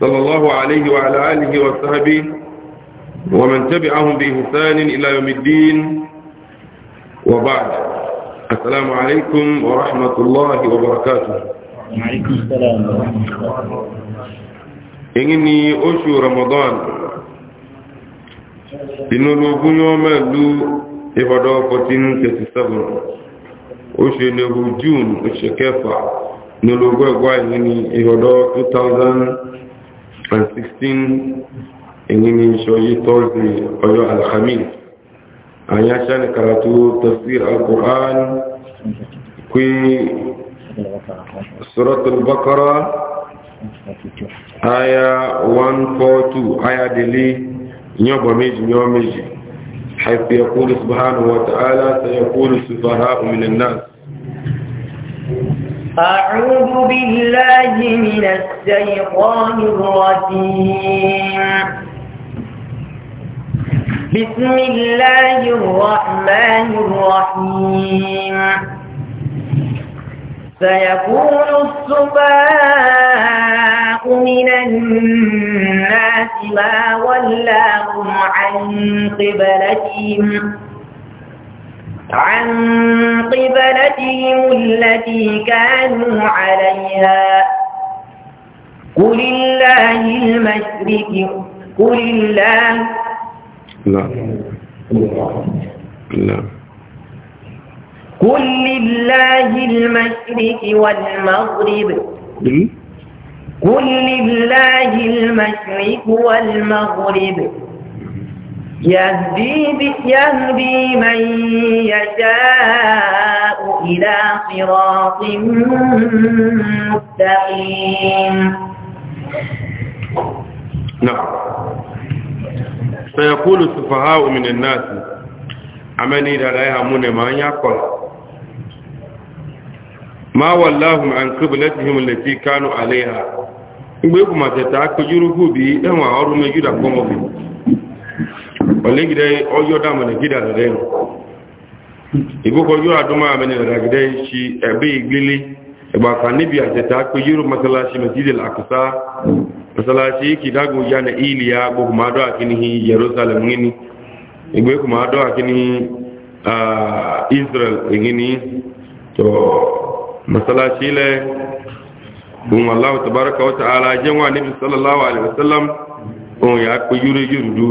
صلى الله عليه وعلى آله وصحبه ومن تبعهم بإحسان إلى يوم الدين وبعد السلام عليكم ورحمة الله وبركاته وعليكم السلام ورحمة الله إني أشهر رمضان ìnúlógún yọ́ mẹ́lú ìbọ̀dọ̀ 1437 oṣù ìnúlógún june oṣù kẹfà ìnúlógún ẹgbà ìní ìbọ̀dọ̀ 2000 and 16 èyí ni ṣọ́yí tọ́sí ọjọ́ alhamis àyà ṣáni karatu tafsir al-qur'an kí suratul bakara aya 142 aya dele yọba méjì yọ méjì حيث يقول سبحانه وتعالى سيقول السفهاء من الناس أعوذ بالله من الشيطان الرجيم بسم الله الرحمن الرحيم سيكون السباء من الناس ما ولاهم عن قبلتهم عن قبلتهم التي كانوا عليها قل الله المشرك قل الله لا لا قل لله المشرك والمغرب قل لله المشرك والمغرب يهدي, يهدي من يشاء إلى صراط مستقيم نعم سيقول السفهاء من الناس أمني لا يهمون ما يقول ما ولاهم عن قبلتهم التي كانوا عليها gbogbo ma tẹta kojú rúgbò bí ẹwọn àwọn ọrùn kọmọ bí olegide oyo da mana gida da dai ibu ko yo aduma mana da gida shi ebe igbili ba ka nibi ate ta ko yuru masalashi masjid al aqsa masalashi ki dago ya na iliya go kuma do akini jerusalem ngini igbe kuma do akini ah israel ngini to masalashi le bun allah tabaraka wa ta'ala jinwa nabi sallallahu alaihi wasallam on ya ko yuru yuru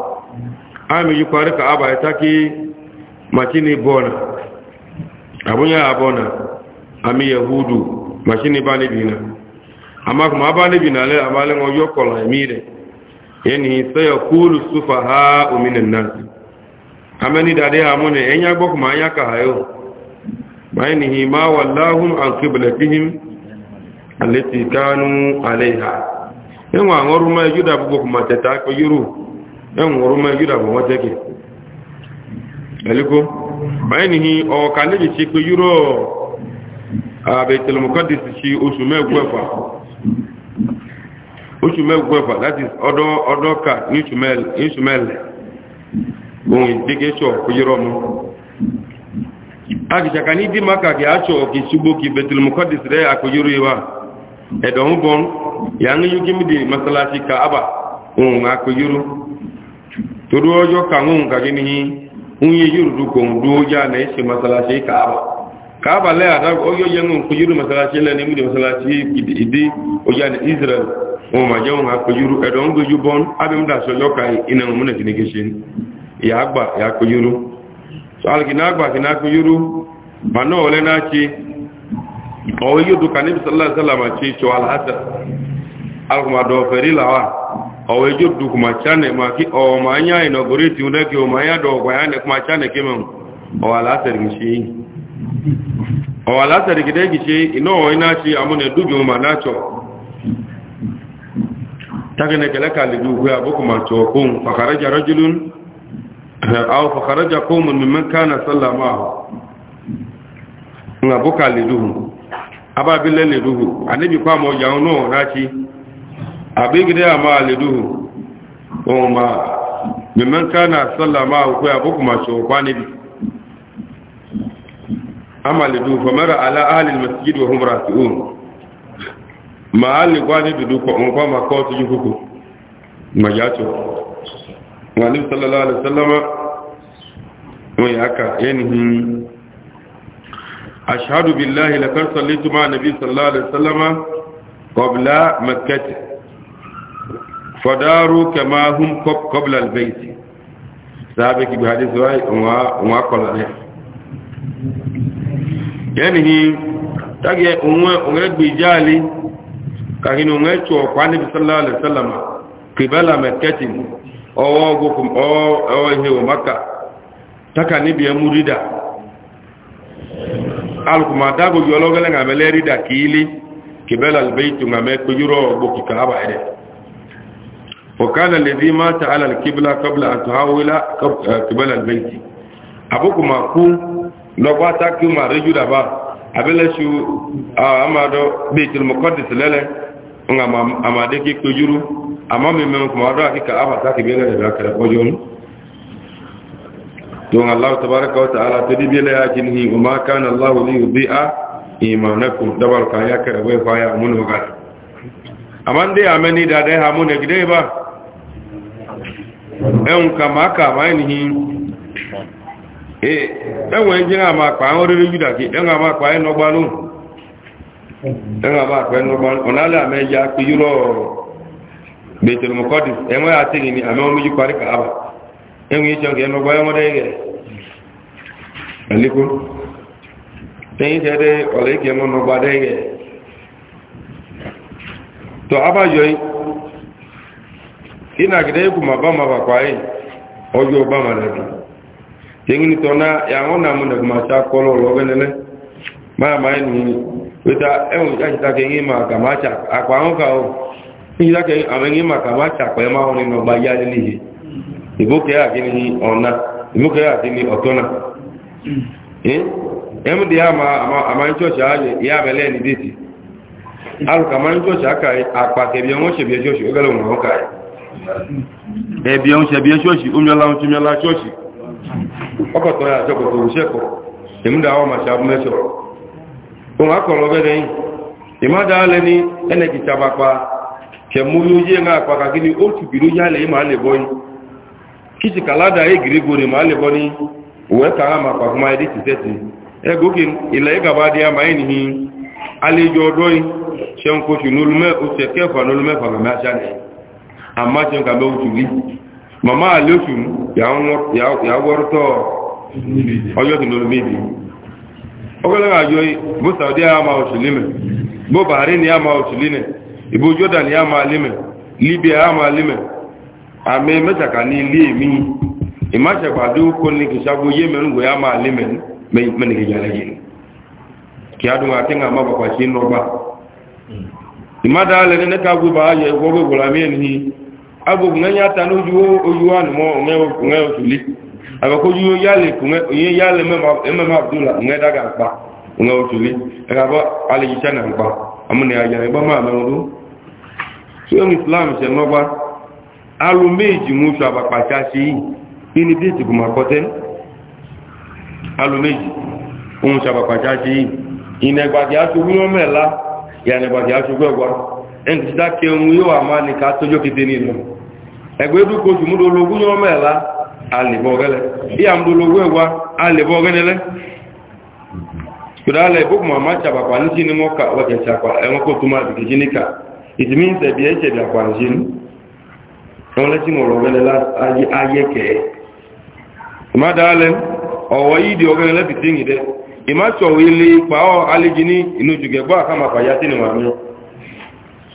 ami yi kwari ka aba ita machini bona abunya abona ami yahudu machini bani bina amma kuma abani bina le amale ngo yokola emire yani sayakulu sufaha minan nas amani dade amune enya gbo kuma anya ka hayo bayanihi hima wallahum an qiblatihim allati kanu alaiha yanwa ngoruma yuda bugo kuma tata ko yuru enwụrụ megide abụ nwata eliko banye n'ihi ọka na ejichi ikpe yuro abetelemokadis chi oṣù oṣù mẹ́gbẹ́fà is ka ní oṣù mẹ́lẹ̀ ohun ìdíkẹ́ ṣọ kúyọ́rọ́ mu agìṣàkà ní dìmákà kì á ṣọ kì ṣùgbó rẹ̀ ìwà masalasi ka aba ohun àkóyọ́rọ́ torí ọjọ́ kàwọn kàjí ní oúnjẹ yóò kò ń dúó já náà ṣe masalasi kàábà ojo lẹ́yà ọjọ́ yẹnu kòjúrú masalasi lẹ́ni mú ní masalasi ìdí ọjá ní israel wọn ma jẹun ha kòjúrú ẹ̀dọ̀ ń gbójú bọ́n abẹ́mdàṣọ yọ́ka ya mú ya jìnnìkì so yàgbà yà kòjúrú alìkìnàgbà kìnà kòjúrú ma náà wọlé náà ṣe ọwọ́ yóò dùkà níbi sallá sallá ma ṣe ṣọ alhassan alùpùpù àdọ̀fẹ̀rí làwà ọwọ́ ẹjọ́ dùkùmà chánẹ̀ ma kí ọmọ anyá ìnọ̀górí tí ó lẹ́kì ọmọ anyá dọ̀ọ̀gbà yá nẹ̀kùmà chánẹ̀ kí mẹ́rin ọwọ́ alásẹ̀rì kìdẹ́ kì ṣe iná ọ̀wọ́ iná ṣe àmúnẹ̀ dúbìmọ̀ mà náàtọ̀ tákẹ́nẹ̀kẹ́lẹ́ kàlẹ̀ dùkú àbúkùmà tọ̀ọ̀kún fàkàrẹ́jà rọ́júlún àwọn fàkàrẹ́jà kóòmù mímẹ́ kánà sọ́làmà ń àbúkà lè dùhù abábílẹ̀ lè dùhù àníbìkọ́ àmọ́ ìyàwó náà náà abigide a máa lè dúhù ohun ma mìmọ́n ká náà sọ́là máa wùkú àbúkù máa ṣe òkwá níbi a máa lè dúhù fọmọ́rọ̀ aláàlè masjid wa humra ti ohun ma a lè kwá ní dúdú kọ nǹkan ma kọ́ tó yí kúkú ma yá tó wà ní sọ́lọ́lá alẹ́ sọ́lọ́mà wọ́n yà ká yẹnihin ashadu billahi lakar sallitu ma nabi sallallahu alaihi sallama qabla makkati fadaru kama hum qabla albayt sahabe ki hadith wa wa qala ne yani tage unwe unwe bijali kahino unwe cho kwa nabi sallallahu alaihi wasallam kibala makkatin owo gokum o owo hewo makka taka ni bi amurida alkuma dago yologale ngamele rida kili kibala albayt ngamekujuro gokikaba ede وكان الذي مات على الكبلة قبل أن تحول قبل البيت أبوكم أكون لو أتاكي ما رجل أبا أبلشو أما بيت المقدس لله أما ديكي كجرو أما من منكم أدو أكيك أبا تاكي بيلا لذلك رقوجون دون الله تبارك وتعالى تدبي لها جنه وما كان الله ليضيء إيمانكم دبر كاياك أبوي فايا أمون وغاد أمان دي أمني دادي هامون أجدي با ẹ̀hùn kàmáàkà máa ní ẹ̀wọ̀n jẹ́ àmà àpà àwọn orílẹ̀ jùdà kí ẹ̀wọ̀n àmà àpà ẹnọgbà ló ẹ̀wọ̀n àmà àpà ẹnọgbà ọ̀nàlẹ̀ àmẹ́jà pé yúrọ̀ gbẹ̀tẹ̀lùmọ̀kọ́dì ẹ̀wọ̀n àti ìní àmẹ́wọ̀n méjì parí kàábà ẹ̀wọ̀n ìṣẹ́ ẹnọgbà na egwu ma bama bakwa yi ojo obama na bi yengini na ya na mu na kuma cha kolo lo benene ma ma ni wita ewu ya chita ke ma ka ma cha akwa ngo ka o ni la ke amengi ma ka ma cha kwa ma oni no ba ya ni hi ibo ke ya ona ke otona eh ama ama ama cha ya bele ni diti alu cha akwa ke bi ngo che bi ngo ẹ̀bí ẹun ṣẹ̀bí ẹ ṣọ́ọ̀ṣì omíọ́lá ohun tí miọ́lá ṣọ́ọ̀ṣì ọkọ̀tọ̀ ya àjọkọ̀tọ̀ òṣẹ́kọ̀ èmúdà àwọn màṣà mẹ́ṣọ̀ ohun akọ̀rọ̀ bẹ́rẹ̀ yìí ní ẹnẹ̀kì sàbàpá kẹmú ló yé ń apá kàkí ní ị ni máa lè yìí ní olùmẹ́ ní olùmẹ́fà mẹ́mẹ́ àmáṣe ń kàbẹ́ oṣù rí màmá àlóṣù yàwọ́rọ́tọ̀ ọjọ́ tó lórí méjì ọgọ́lọ́gbà àjọ bó saudi a ma oṣù límẹ̀ bó bahrain ni a ma oṣù límẹ̀ ìbò jordan ni y'a ma límẹ̀ libya a máa límẹ̀ àmì mẹ́tàkà ní ilé mi ìmáṣẹ̀gbàdó kó ní a máa límẹ̀ a dùn àti ni ìmádàá lẹ́ni nẹ́ka gbogbo ayẹ ìwọ́gbẹ̀gbọ̀lá agbogbo ŋa nya ta n'oju wo oju wa nu mɔ ŋa ŋa oju wo yali ŋa onye yali abdula daga nkpa na nkpa amuna ya yari gbama amɛwo do so eŋu islam sɛ ŋɔgba alu meji yi ini bi ti kuma kɔtɛ meji si yi inegbadi asugu yɔ na kí ohun yóò àmà ní ká tójó kété nínú ẹgbẹ́ dúkò jù múdó ológun yóò mẹ́ẹ̀lá alìbọ̀ gẹ́lẹ́ ìyà múdó ológun ẹ̀wà alìbọ̀ gẹ́lẹ́ kùdálẹ̀ ìbókùnmọ̀ àmà ṣàbàpà ní sí ni wọ́n kà wọ́n ya àpà ẹ̀wọ́n kò ní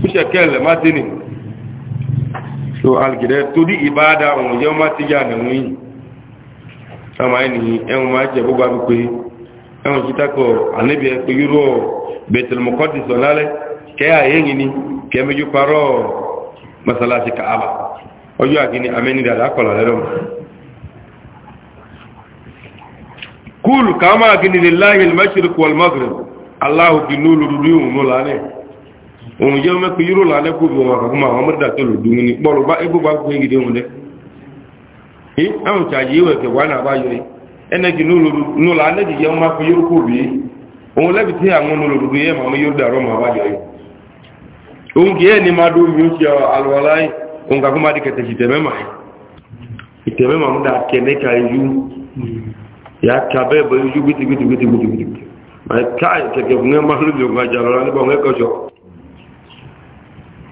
bíṣẹ̀kẹ́lẹ̀ má ti nì so algidẹ́ torí ìbáadá ọ̀rùn yẹ́ má ti yà nìwọ̀n yìí àmà ẹni ẹ̀hùn máa jẹ́ gbogbo àbí pé ẹ̀hùn sítákọ̀ ànẹ́bí ẹ̀ pé yúrọ̀ bẹ̀tẹ̀lẹ̀mọ̀kọ́dì sọ lálẹ́ kẹ́ àyẹ́yìn ni kẹ́ méjú parọ́ masalasi kaaba ọjọ́ àgíní amẹ́ni dàdá kọ̀lá lẹ́rọ̀ kúlù kàmá àgíní lè láyé lè mẹ́ṣirikù wal maghrib aláhùn kì ní olùdúdú ìhùn mú lálẹ́ òun jẹ́ mẹ́kù yúrò lálẹ́ kó bí wọn àkàkọ́ máa wọn e tó lò dùn ní pọ̀lọ̀ bá ibò bá gbé gidi wọn lẹ́ ẹ́ ya ìtàjì ìwẹ̀ kẹ̀ wà náà ya yọ ẹnẹ́kì ní ko dìjẹ́ wọn máa fi yúrò kó bí òun lẹ́bi tí àwọn olùdókòwò yẹ màmú yóò dàrọ́ máa bá yọ òun kì di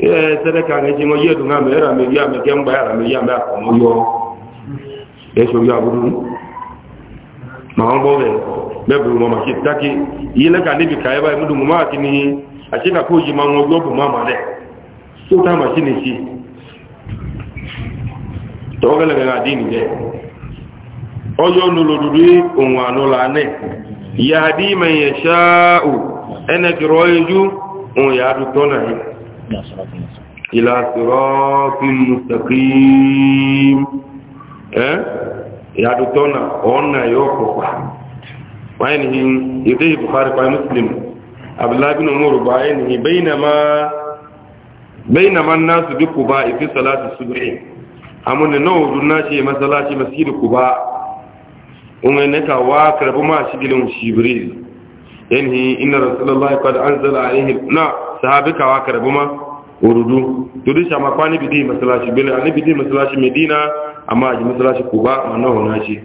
ee tere ka anyị ji onye edu na era meri ame mgbe ara meri ame akpa n'ụlọ esoghị abụrụ ma ọ gbọghị mebụrụ ma maka itaki ka ndị ka ebe emedu mụ maka n'ihi achị ka ka ma nwa ogo bụ ma ma dị ma chi na-echi tọgele adị onye onwe anị ya dị ime ya sha'u ene kịrọ eju adụtọ na ya ìlà sọ̀rọ̀fin mustaqim ẹ́ ìyàdùtọ́ na ọ̀nà yóò pọ̀pá wáyé ni ìdé ìbùkárí pa muslim abdullabin umaru ba yẹ́ ni bẹ́yìn ma náà su duk kuba ifi salatu subhi amúni náà wùdú náà ṣe masalashi masjid kuba òun ẹ̀nẹ́ka yanhi inna rasulullahi qad anzala alayhi na sahabika wa karbuma urudu tudu shama kwani bidi masalashi bin ani bidi masalashi medina amma aji masalashi kuba amma hona shi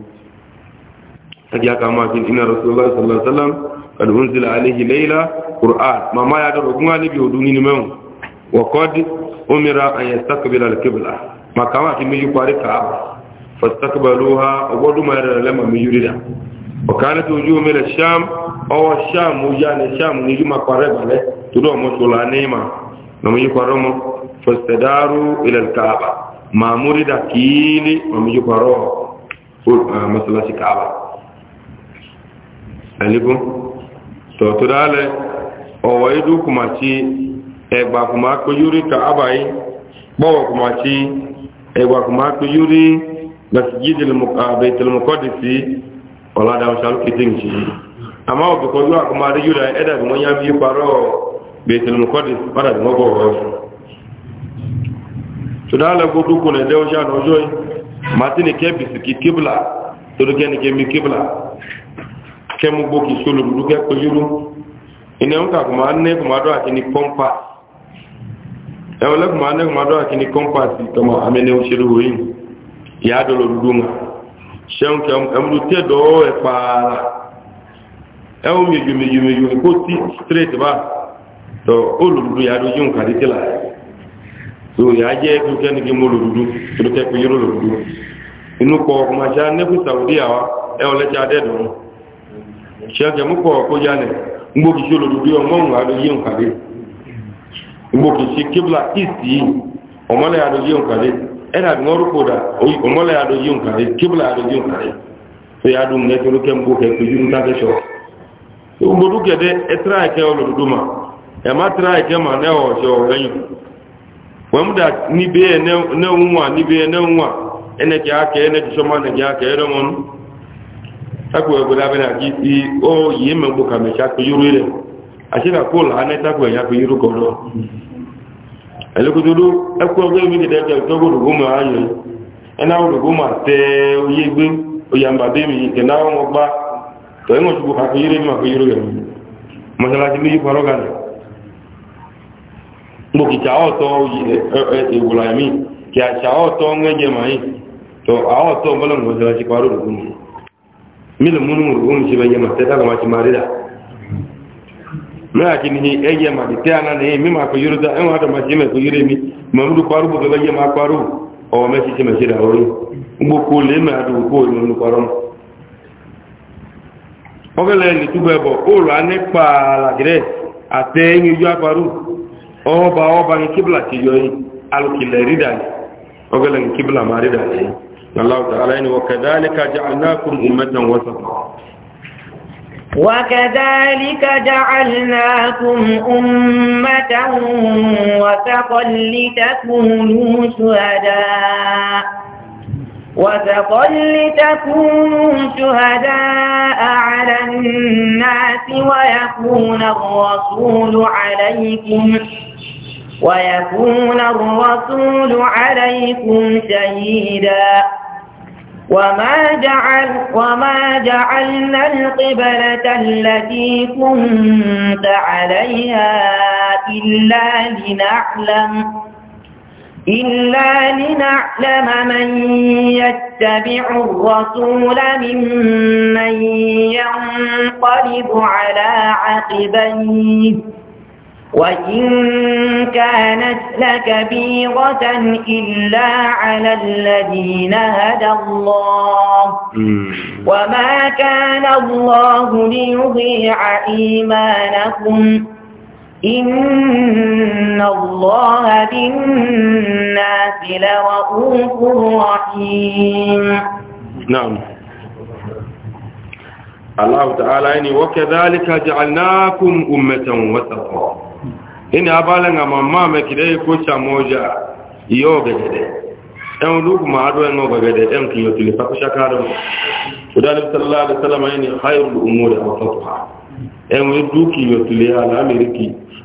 kaji aka ma bin inna rasulullahi sallallahu alaihi wasallam qad unzila alayhi layla qur'an mama ya da rugunga ni bi oduni ni mewu wa qad umira an yastaqbila al makama ki miji kwari ka fastaqbaluha wa qad ma yara miyurida wa kanat wujuhum ila sham ọwọ́ ṣáàmù yá ni ṣáàmù ní yíma parẹ́ balẹ̀ tó dọ̀ mọ́tò la ní ma na mo yí parọ́ mọ́ fọ́sẹ̀dáàrú ilẹ̀ kaaba màmúrí dà kíílì na mo yí parọ́ mọ́sálásí kaaba ẹ̀lẹ́kùn tọ̀tọ̀ dálẹ̀ ọ̀wọ́ idú kùmà tí ẹgbà kùmà pé yúrí kaaba yìí gbọ́wọ̀ kùmà tí ẹgbà kùmà pé yúrí gbàsíjì tẹlẹmọkọ́dì sí ọ̀làdà ọ̀ṣàlùkì tí yìí àmọ́ ọ̀bùkọ́ yóò àkọ́mọ́ adéjúdà ẹ̀dà bí wọ́n yá bí parọ́ bẹ̀tẹ̀lùmọ́kọ́dì padà bí wọ́n bọ̀ wọ́n fún sodala godu kuna de oja no joy matini ke bisiki kibla to do ken ke kibla ke mu boki sulu du ke ko yuru ine on ka kuma anne kuma do akini pompa e wala kuma anne kuma do akini pompa si to amene o shiru ya do lo du ma sheun ke amru te do e para ẹwọ́n mẹ́jọ mẹ́jọ mẹ́jọ ẹkó tí straight bá tọ olùdúdú yà lójú nǹkan títí là tó yà o ẹkú kẹ́ni kí mo lòdúdú tó tẹ́ pé yóró inú kọ ọkùnmáṣá nẹ́kù sàwùdí àwa ẹ ọlẹ́tsá dẹ́dùn mú kọ ọkọ olùdúdú nǹkan east yìí nǹkan dà nǹkan nǹkan tó mbodu kede etraike oloduma ema traike ma ne ojo enyu ma ni e nwa ni be e ne nwa aka ene ki shoma aka ere mon takwe gbara be na ki i o yi me gbo ka me sha pe yuru ire asira a la ne takwe ya pe yuru goro elekododo ekwo gbe mi de de to godo gumo ayo ena godo atee te oye gbe oyamba be na to yin wasu buka kun ma masalasi ni mo ki ta e mi kí a ṣa ọtọ to a ọtọ tọ mo masalasi faro rukun mu mi lè múnu rukun mu ṣe bẹ yẹ ma tẹta kama ti ma rí da a kì ní ẹ yẹ ma ti tẹ àná nìyẹn mi ma fi yiro da ẹ wọn àtàmà ṣe mẹ fi mi mọmúdu ma faro ọwọ mẹ ṣiṣẹ ọgẹ́lẹ̀ ní túbẹ̀ bọ̀ òòrùn á ní pààlà gẹ́rẹ́ àtẹ ẹ̀yìn ojú àparú ọba ọba ní kíbla ti yọ alùkìlẹ̀ rídà ní ọgẹ́lẹ̀ ní kíbla máa rídà ní aláwọ̀ta aláìní wọ̀kẹ̀dáníkà jẹ́ aláàkùn ìmẹ́tàn wọ́sàkùn وتقل لتكونوا شهداء على الناس ويكون الرسول عليكم ويكون الرسول عليكم شهيدا وما جعل وما جعلنا القبلة التي كنت عليها إلا لنعلم إلا لنعلم من يتبع الرسول ممن ينقلب على عقبيه وإن كانت لكبيرة إلا على الذين هدى الله وما كان الله ليضيع إيمانكم إِنَّ اللَّهَ بالناس لرؤوف رحيم نعم الله تعالى يعني وكذلك جعلناكم أمة وسطا إني أبالا ماما مكده كوشا موجا يوغا جده ɗan duk ma haɗu yan ga da ɗan kiyo tuli fa kusha karin guda da sallallahu alaihi wasallam yana khairul umuri wa fatuha ɗan wani duki yo tuli ala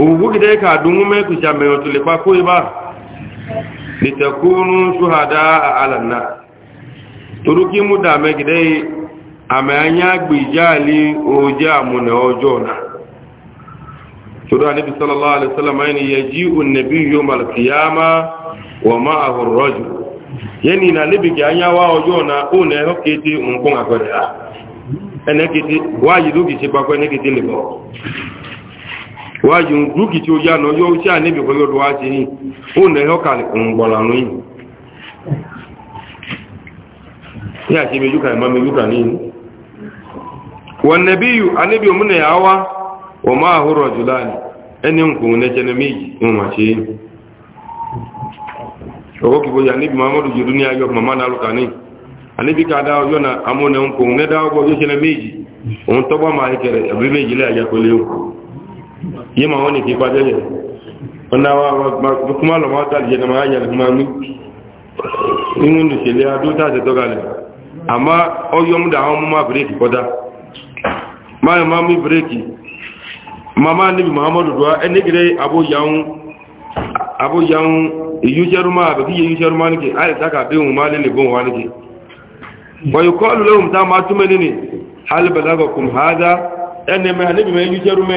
òwúgbò gidẹ ka dungu mẹ kùsà mẹ ọtún lè pa kó ibà lìtẹkùnú ṣùhàdá àlànà torúkí mú dàmẹ gidẹ àmì anyá gbìjáàlì òjá àmúnẹ ọjọ náà toro anabi sallallahu alaihi wasallam yani yaji'u an-nabiy yawm al-qiyama na nabi ki anya wa ojo na o ene kiti wa yidu ki kiti libo wáyé dúkì tí ó yá náà yóò ṣáà níbi kọ́ yóò wáṣe yìí ó nà ẹ́ ọ̀kà ǹgbọ̀lànú yìí ní àṣẹ mejúkà ìmọ̀ mejúkà ní inú wọn nẹ̀bí yù anábì òmìnà àwá wọ́n máa hóró jùlá ní ẹni nkùn nẹ́jẹ́ ní méjì wọn mà ṣe yìí ọwọ́ kìbó yà níbi muhammadu jùlọ ní ayọ́ náà lùkà ní ká dá ọjọ́ na ọgbọ́ yóò ṣe ní méjì òun tọ́gbọ́ máa ẹ̀bí méjì yé ma wọn ni kí padà lẹ wọn náà wá kuma lọ máa tàlẹ yẹn máa yẹn da a ti tọ́ka lẹ àmọ́ ọyọ́mú dà àwọn ma máa bírèkì kọ́dá máa ma máa mi bírèkì mama níbi muhammadu dùwà ẹni gẹ́rẹ́ abóyáhùn ìyúṣẹ́rú máa bẹ̀kí yẹ ìyúṣẹ́rú yi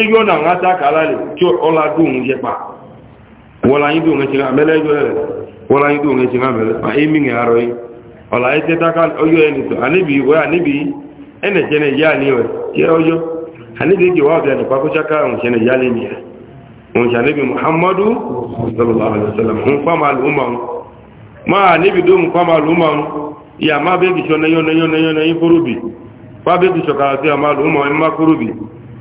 ego na nwata ka ala le tí ọla dóhun jẹ ndị wọ́la yí dóhun ẹ̀ṣin àmẹ́lẹ́ arọ yí ọla yí tẹ́ta ká ọjọ́ ẹni tó àníbi wẹ́ àníbi ẹnẹ̀ jẹ́nẹ̀ yá ni rẹ̀ tí ẹ ọjọ́ àníbi muhammadu sallallahu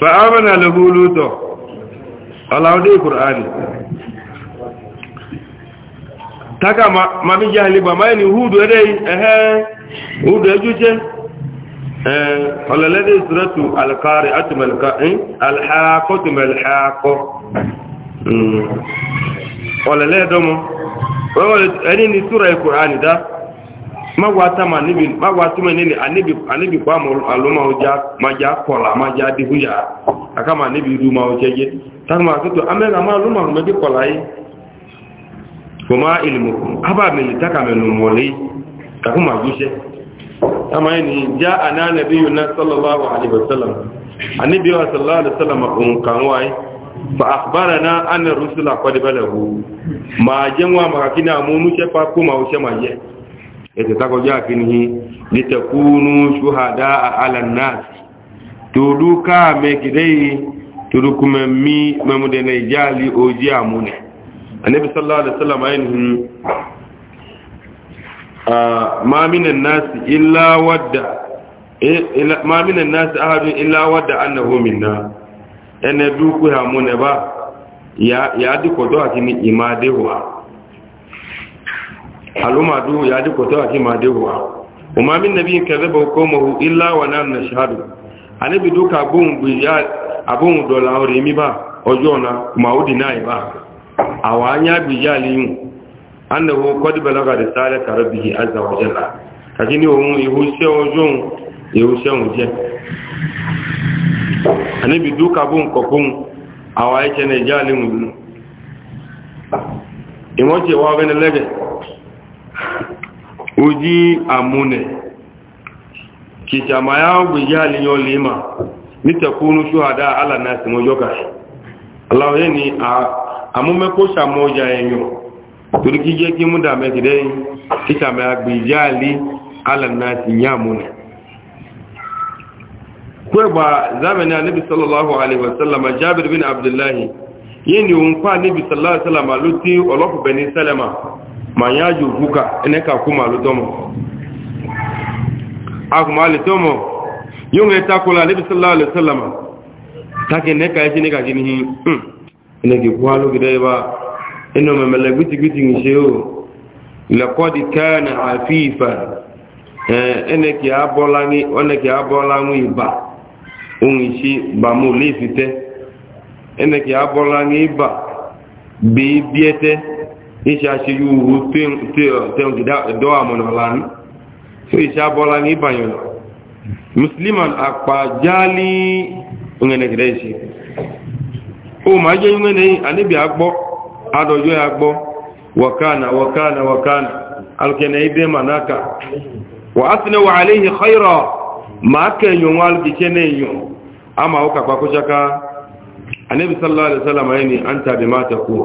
fa'amana laguluto alaudai ƙur'ani taka mami jahili ba mai ni hudu dai ehe hudu ejuje eh alladhi suratu al-qari'atu mal-qa'in eh, al-haqatu mal-haqo mm wala le domo wala ani ni sura al-qur'ani da magwatama nibi magwatuma nini anibi anibi kwa aluma oja maja kola maja dihuja akama nibi ruma ojeje takma kutu amela ma aluma medi kola yi kuma ilmukum aba mili taka melumoli takuma gushe kama ni ja ana nabiyuna sallallahu alaihi wasallam anibi wa sallallahu alaihi wasallam um kanwai fa akhbarana anna rusula qad balagu ma jenwa makakina mu nuche pa kuma ushe maje ìtẹ̀tàkọ̀ jẹ́ àfihì lítẹ̀kúnú ṣúhàdá alànàtì tòrú káà mẹ́kìdẹ́ yìí tòrú kúmẹ̀ mí mẹ́múdẹ̀nà ìjáàlì ojí àmúnẹ̀ anẹ́bí sallallahu alaihi wasallam ainihin maminan nasi e, ahadun ilawadda annahu minna ẹnẹ dúkú àmúnẹ̀ bá yá dìkọ̀tọ́ àti ní ìmáadéwàá al'umadu ya ji kwato a kima dewa umma min nabiyin kazaba qawmuhu illa wa nan nashhadu anabi duka bun biya abun dola ori mi ba ojo na kuma odi nai ba awanya biya liyun annahu qad balaga risalata rabbih azza wa jalla kajini ohun ihuse ojo ihuse onje anabi duka bun kokun awaye ne jali mu imoje wa bene lege oji amune kìjàmà ya gbèjì àlèyàn lè mà nítẹ̀kúnú ṣúhàdá alànà àtìmọ́jọ́ kàṣì aláwọ̀yẹ́ ni àmúmẹ́kó ṣàmọ́jà ẹ̀yàn torí kí jẹ́ kí mú dàmẹ́ ti dẹ́yìn kìjàmà ya gbèjì zamani anibi sallallahu alaihi jabir bin abdullahi yìí ni òun pa anibi sallallahu alaihi wasallam ma ya ji okwu ka ene ka kwu ma lụtọ m ahụ ma lụtọ m yi onwe takwụla alebi sallallahu alaihi wasallam ta ke ne ka ya chineke gị n'ihi ene gị kwuo alụgide ebe ene omemele gbitigwiti nche o lekọdị kana afifa eh, ene ka ya bọla nwe ịba onwisi bamụ lefite ene ka ya bọla nwe ịba bee biete iṣẹ́ aṣeyúhu tẹ́hùn dọ́wà mọ̀nà lánìí fún iṣẹ́ ni ní ìbàyàn musliman àpàjálí ọ̀nẹ́gẹ̀dẹ́ iṣẹ́ o ma jẹ́ yúnmẹ́ lẹ́yìn aníbi agbọ́ adọ̀jọ́ agbọ́ wakana wakana wakana alkẹ̀nẹ̀ ibẹ́ manaka wà á sinẹ́ wà aléhì kọ́ìrọ̀ ma kẹ̀yàn wọn alkẹ̀kẹ́ nẹ́yàn a ma ó kàpàkúṣaká aníbi sallallahu alaihi sallam ẹni an tàbí mata kúrò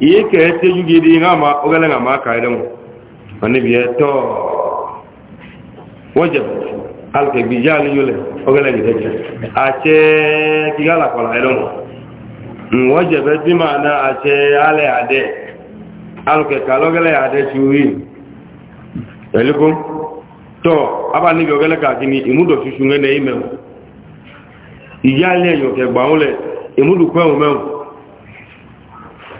ihe ka eteju gị dị nha ma ogele nga ma aka ere mu mani bi eto wajab alke bi jali yule ogele gị deje ache ki gala kola ere mu wajab eti ma na ache ale ade alke ka ogele ade chuwi elikum to aba ni bi ogele ka kini imudo chuchu ngene ime ìyá ilé ẹ̀yọ̀ kẹgbà ń lẹ̀ ìmúdùkú ẹ̀hùn mẹ́hùn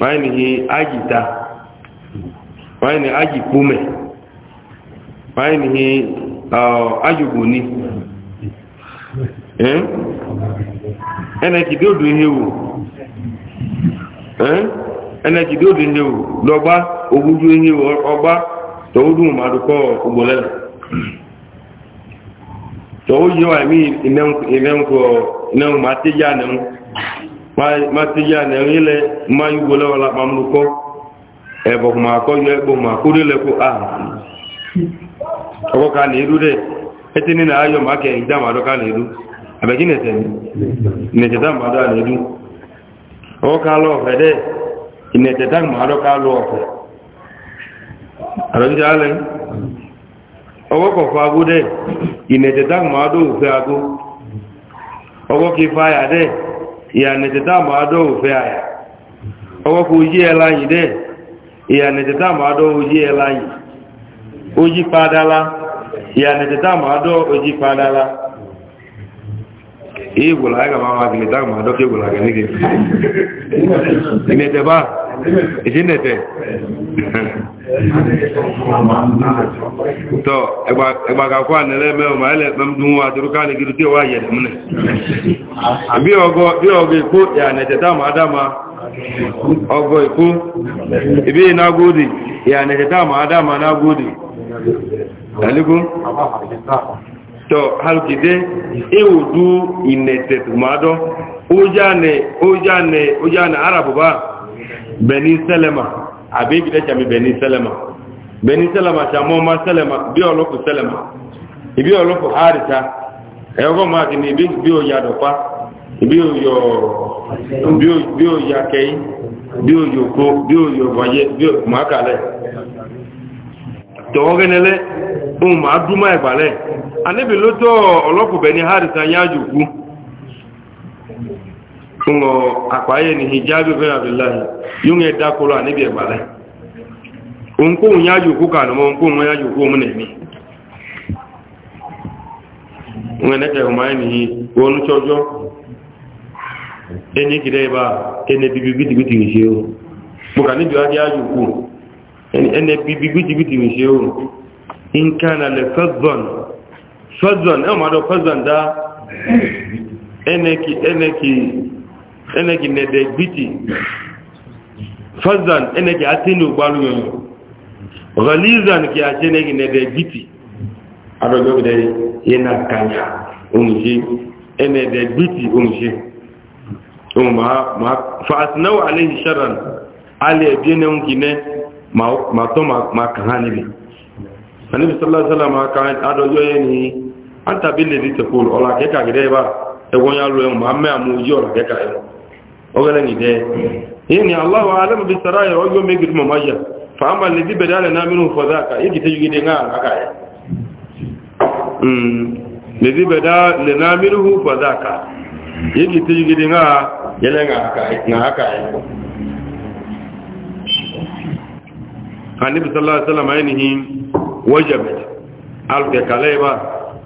wáyé ni ájì ta ni ájì kúmẹ̀ ni ájògbò ní ẹnẹ̀kì dóòdù ihe wò ẹnẹ̀kì dóòdù ihe wò lọ́gbá ogújú ihe wò ọgbá tọ́wọ́dún màdùkọ́ ògbòlẹ́lẹ̀ tọ́wọ́ yíwa ẹ̀mí ìnẹ́nkọ̀ ìnẹ́nkọ̀ máa mati e e ya na enrile mmanya ugwole ọla kpamlụkọ ebọkụmakọ yọ ekpo ma ahụ ọkọ ka na-eru re etini na ayọ maka ehida mmadụ ka na-eru na-eteta mmadụ na-eru ọkọ ka alụ ọfẹ dị ka dị ife aya dị ìyànẹ̀tẹ̀tà àmàdọ́ òfẹ́ àyà ọwọ́ kò yí ẹ láyìn dẹ́ ìyànẹ̀tẹ̀tà àmàdọ́ òyí ẹ láyìn ó yí padà lá ìyànẹ̀tẹ̀tà àmàdọ́ òyí padà ìgbòlá ẹgbà máa ma gìlì dáàmù àdọ́kẹ́ ìgbòlá gẹ̀lẹ́gẹ̀ ìnẹ̀tẹ̀ bá ìṣínẹ̀tẹ̀ tọ́ ẹgbàkàkọ́ ànẹ́lẹ́ mẹ́ọ̀mà ẹlẹ́mẹ́mdún àdúrúká ní gírí tí ó wá yẹ̀ lẹ́mùnẹ̀ bí ọgọ́ ìkó ìyànẹ̀tẹ̀ dáàmù adáma ọgọ́ ìkó ìbí ìnágódì ìyànẹ̀tẹ̀ dáàmù adáma nágódì to halkide ewodu inete tumado ojane ojane ojane arabu ba beni selema abebi de chami beni selema beni selema chamo ma selema bi oloku selema ibi oloku harita ego ma kini bi bi oya do pa ibi oyo bi o bi oya kei bi oyo ko bi oyo baye bi ma kale to ogenele o um, ma duma egbale anibi lótó ọlọ́kùnbẹ̀ ni harrison yájú fún ọ àpáyé ni hijabi fẹ́ Abdullahi. yóò yẹ dákọrọ anibi ẹ̀gbàlẹ̀ ohunkóhun yájú kú ohunkóhun yájú mú nẹ̀mí wọn ẹ̀nẹ́kẹ̀ ọmọ ẹni wọnú tọ́jọ́ ẹni kìdẹ́ ibá ẹni bíbí bíbí president ẹ̀ máa dọ̀ president dá ẹnẹ́kì ẹnẹ́kì ẹnẹ́kì nẹ̀dẹ̀ gbìtì president ẹnẹ́kì atẹ́nu gbalùyọ̀ rẹ̀lízàn kì àti ẹnẹ́kì nẹ̀dẹ̀ gbìtì adọ́jọ́gbẹ̀dẹ̀ yẹn náà kànyà ohun ṣe ẹnẹ́dẹ̀ gbìtì ohun ṣe fàásínáwò aléhì ṣẹ́ràn alẹ́ ẹ̀dí ẹni ma kì ma tọ́ ma kàn án níbi. anibi sallallahu alaihi wa sallam adọ́jọ́ yẹn ni anta e e e bi lezi tekul ɔla kɛka gɛdɛ ba ɛwɔn ya lɔ ɛmu amɛ amu yi ɔla kɛka yɛ ɔgɛlɛ ni dɛ yini allah wa alamu bi sara yɛ ɔyɔ mɛ gidi mɔmɔ yɛ fa ama lezi bɛ dalɛ na minnu fɔ zaka yi kite yugi de ŋa ala ka yɛ lezi bɛ da lɛ na minnu fɔ zaka yi kite yugi de ŋa yɛlɛ ŋa nihin wajabat alukɛ kalɛ ba.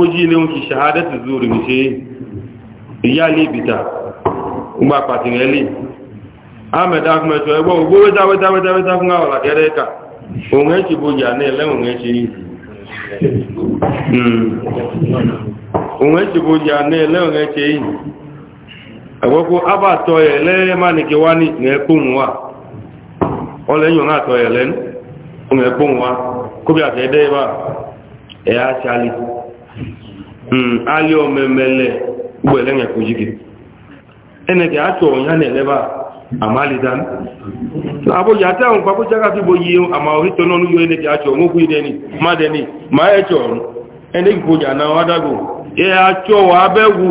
oji ilé oúnjẹ ṣàhádẹ́sì zúrù ní ṣe ìyá ilé ìbìta gbogbo àpàtì rẹ̀ lè ahmed ahmed ẹgbọ́n ògbó wẹ́ta fún àwọn àgẹ́rẹ́ ẹ̀ka òun ẹ̀ṣì bojì àná ẹlẹ́wọ̀n ẹ̀ṣì òun ẹ̀ṣì bojì àná ẹlẹ́wọ̀n ẹ̀ṣì yìí ẹ̀gbọ́kú abàtọ̀ ẹ̀ hmm. lẹ́ẹ̀mánìkì wá ní ẹ̀kóhùn wa ọlẹ́yìn àtọ̀ ẹ̀ lẹ́nu ẹ̀kóhùn wa Hmm, ali omemele ugbele nga kuji gị enege achọ ya na eleba amalidan abụghị ata ahụ kpakpụcha gafi bụ yi ama ohito n'ọnụ yo enege achọ nwokwu ideni madeni ma echọ ọrụ enege kwụji ana ihe achọ wa abegwu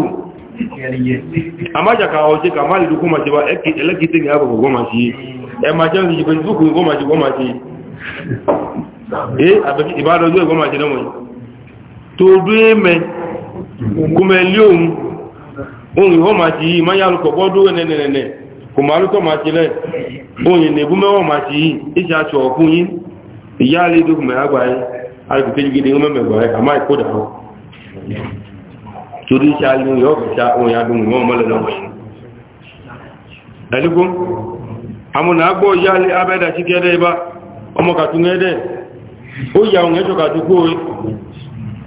amaja ka ka abụghị ee tòdú ẹ̀mẹ́ kùmẹ̀lì òun ohun ìhọ́ ma ti yìí ma yà lùkọ̀ bọ́dú ẹ̀nẹ̀nẹ̀nẹ̀ kò máa lùkọ̀ máa ti lẹ̀ ohun ìnẹ̀bú mẹ́wọ̀n ti yìí ìṣẹ́ aṣọ ọ̀kún yìí ìyá alẹ́ dókùnmẹ̀ àgbáyé alùpùpù gidi ń ẹ̀ àmá ìkódà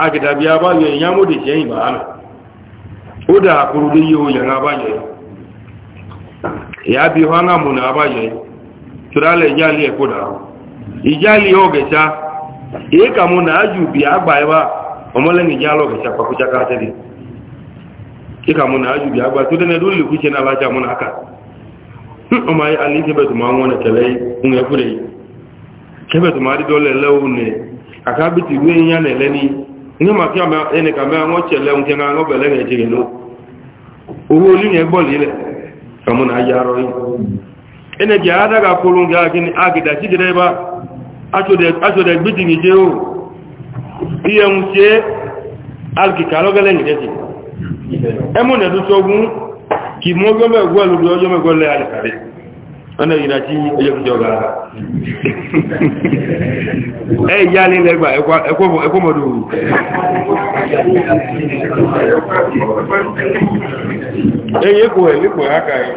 na abáyọ ìyámòdè jẹ́ ìbáàmì ó dà àkúrúdé yíò yẹ̀rọ abáyọ a bí hánà múnà abáyọ tùrálẹ̀ ìjálẹ̀ ẹ̀kọ́dà ìjálẹ̀ ọgẹ̀ṣá èékà múnà ájù bí àgbà ẹwà ọmọlẹ́ni ìjálẹ̀ ọgẹ̀ṣá pàkúṣáká tẹ́lẹ̀ èékà múnà ájù bí àgbà tó dẹ́nẹ́ lórí na náà lájá múnà na aka alẹ́ kẹbẹ̀tù máa wọ́n a ń ẹkú rẹ̀ kẹbẹ̀tù máa dídọ́lẹ̀ lẹ́wọ̀n nẹ̀ àkábìtì wíyẹn ele lẹ́ni ní ma kí a ẹnìkà mẹ́ wọ́n tẹ̀ lẹ́hun kí wọ́n bẹ̀ lẹ́hìn ẹ̀jẹ̀ ìlú owó olúyẹn gbọ́lì ilẹ̀ kàmú náà yà rọ yìí ẹnìkì àádága kúrò ní agini agìdà sí gẹ́rẹ́ bá aṣọ́dẹ̀ gbídìní jẹ́ ó iye ń ṣe ọ̀nà ìdájí ẹjọ́kìjọba ẹ ìyá ní lẹ́gbà ẹkọ́mọ̀dù ẹyẹ kò ẹ̀ nípò áka ẹ̀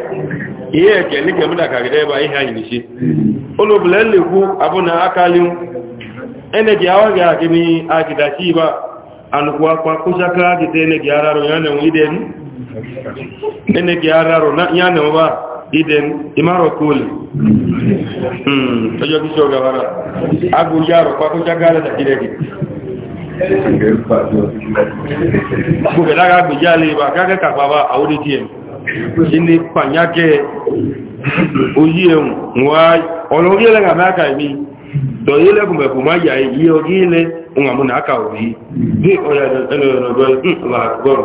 iye ẹ̀kẹ́ ní kẹmọ́dà kàgẹ́dẹ́ ihe àyìn ṣe olóbìnrin lè kú abúna akálíun ẹnẹ́gì awọ́gẹ́ àkíní àkìdàṣí ibá alùpùpù apá kó ṣáká àkìtẹ́ ẹnẹ́gì ara rọ̀ ya ìdẹ̀nu ìmárọ̀ kóòlì ọjọ́ kí ṣọ́ gàbára agbójá rọ̀ pákójá gáàlẹ̀ tàbílẹ̀kì gbogbogbogbo agbójá lè bá gágẹ́ kàpàbà àwọ́dé tí ẹ̀m inú pànyákẹ́ oyí ẹ̀hùn wá ọlọ́rí ẹlẹ́gà mẹ́ka ìmí dọ̀yí lẹ́kùnbẹ̀kù má yà iye ọdí ilẹ̀ ohun àmúnà ákà òbí bí ọ̀yà ẹlẹ́rọ̀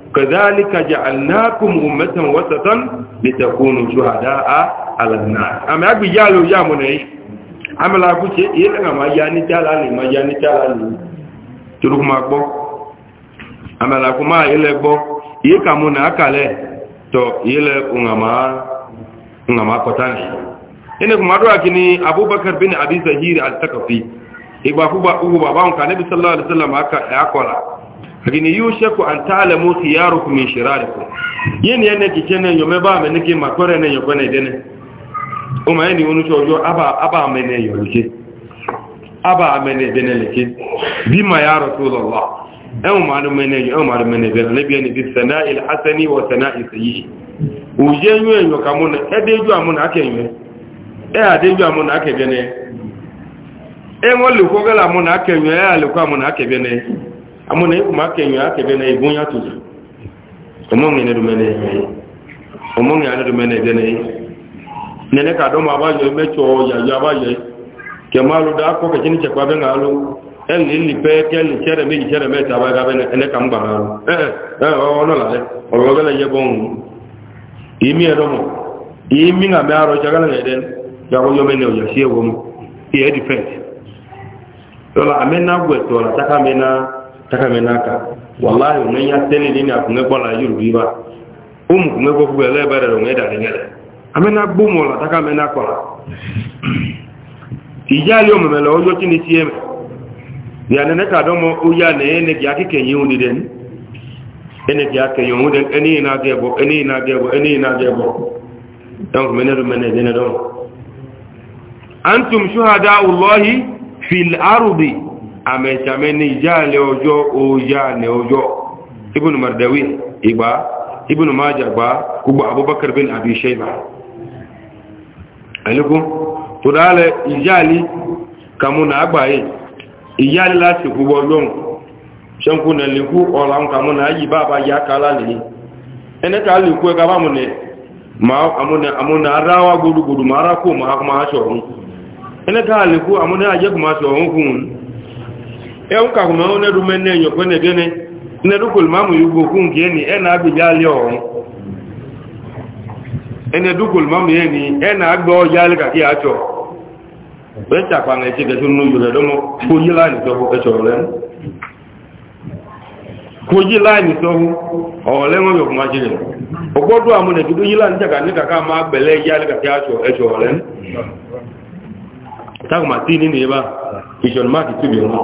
كذلك جعلناكم أمة وسطا لتكونوا شهداء على الناس أما أبي جالو يا منعي أما لا أقول شيء إلا ما يعني تعالى ما يعني تعالى تروح ما أقول أما لا أقول ما إلا أقول إيه كمونا أكله تو إلا أنما أنما كتاني إنك ما رأى كني أبو بكر بن أبي زهير الثقفي إبا فوبا أبو بابا كان النبي صلى الله عليه وسلم أكله lakini yushaku an ta'lamu khiyarukum min shirarikum yen yen ki chene yome ba me niki na ne yo kone dene o ma eni onu chojo aba aba me ne yo aba me ne dene leke bi ma ya rasulullah aw ma no me ne yo aw ma me ne be ne bi ni bi sana'il hasani wa sana'il sayyi o je yo e de ju yo e ju dene e mo lu ko gala na ake yo e alu ko amụ na ekwu maka enyo akebe na igwu ya tụzụ ụmụnwe ya nerumene edene nene ka dọma agbayọ emechọ yajọ agbayọ kema alụ da akọ kechini chekwa be na alụ ẹni nlipe kẹni chere meji chere mẹta abaga bẹ ẹnẹ ka m gbara alụ ee ee ọnọla rẹ ọlọgọlẹ yẹ bọnwụ imi ẹdọmọ imi na mẹ arọ chagala na ẹdẹ yagọyọ mẹne ọjọ si ewu m ihe difẹt lọla amẹna gwẹtọ la taka mẹna takame n'aka wallahi onwe ya site niile na akwụnwe gbala yoruba iba ụmụ kwụnwe gbogbo ele ebere onwe dara ngere amena gbu ụmụ ojo ya ka dọmọ oyi a na-enye ene gị akịka enye ene gị aka enye onwude enyi na-aga ebo na-aga ebo na-aga ebo don kuma ne rumene ne don antum fil ardi amechame ni ijale ojo ojane ojo ibn mardawi igba ibn majah gba abubakar bin abi shayba ala to dale ijali kamuna agbaye ijali lati na liku ola kamuna ene ka liku na ka ba mune ma amune amune ẹun kàkùn mọ́ nẹ́rù mẹ́nẹ́ èèyàn pẹ́ nẹ̀gẹ́ni nẹ́rù kò lè máa mú yúgbò kún kí ẹni ẹ̀nà àgbègbè alẹ́ ọ̀run ẹnẹ́dù kò lè máa mú ẹni ẹ̀nà àgbẹ̀ ọjà alẹ́ kàkí àjọ bẹ́ẹ̀ sàpàǹgà ẹ̀ṣẹ̀ kẹsì nínú yorùbá lọ́mọ kò yí láàyè sọ́fún ẹ̀ṣọ̀ rẹ̀ kò yí láàyè sọ́fún ọ̀rọ̀ lẹ́wọ̀n yọ̀ fún ajẹ́rẹ̀ ọgbọ́dọ̀ wọn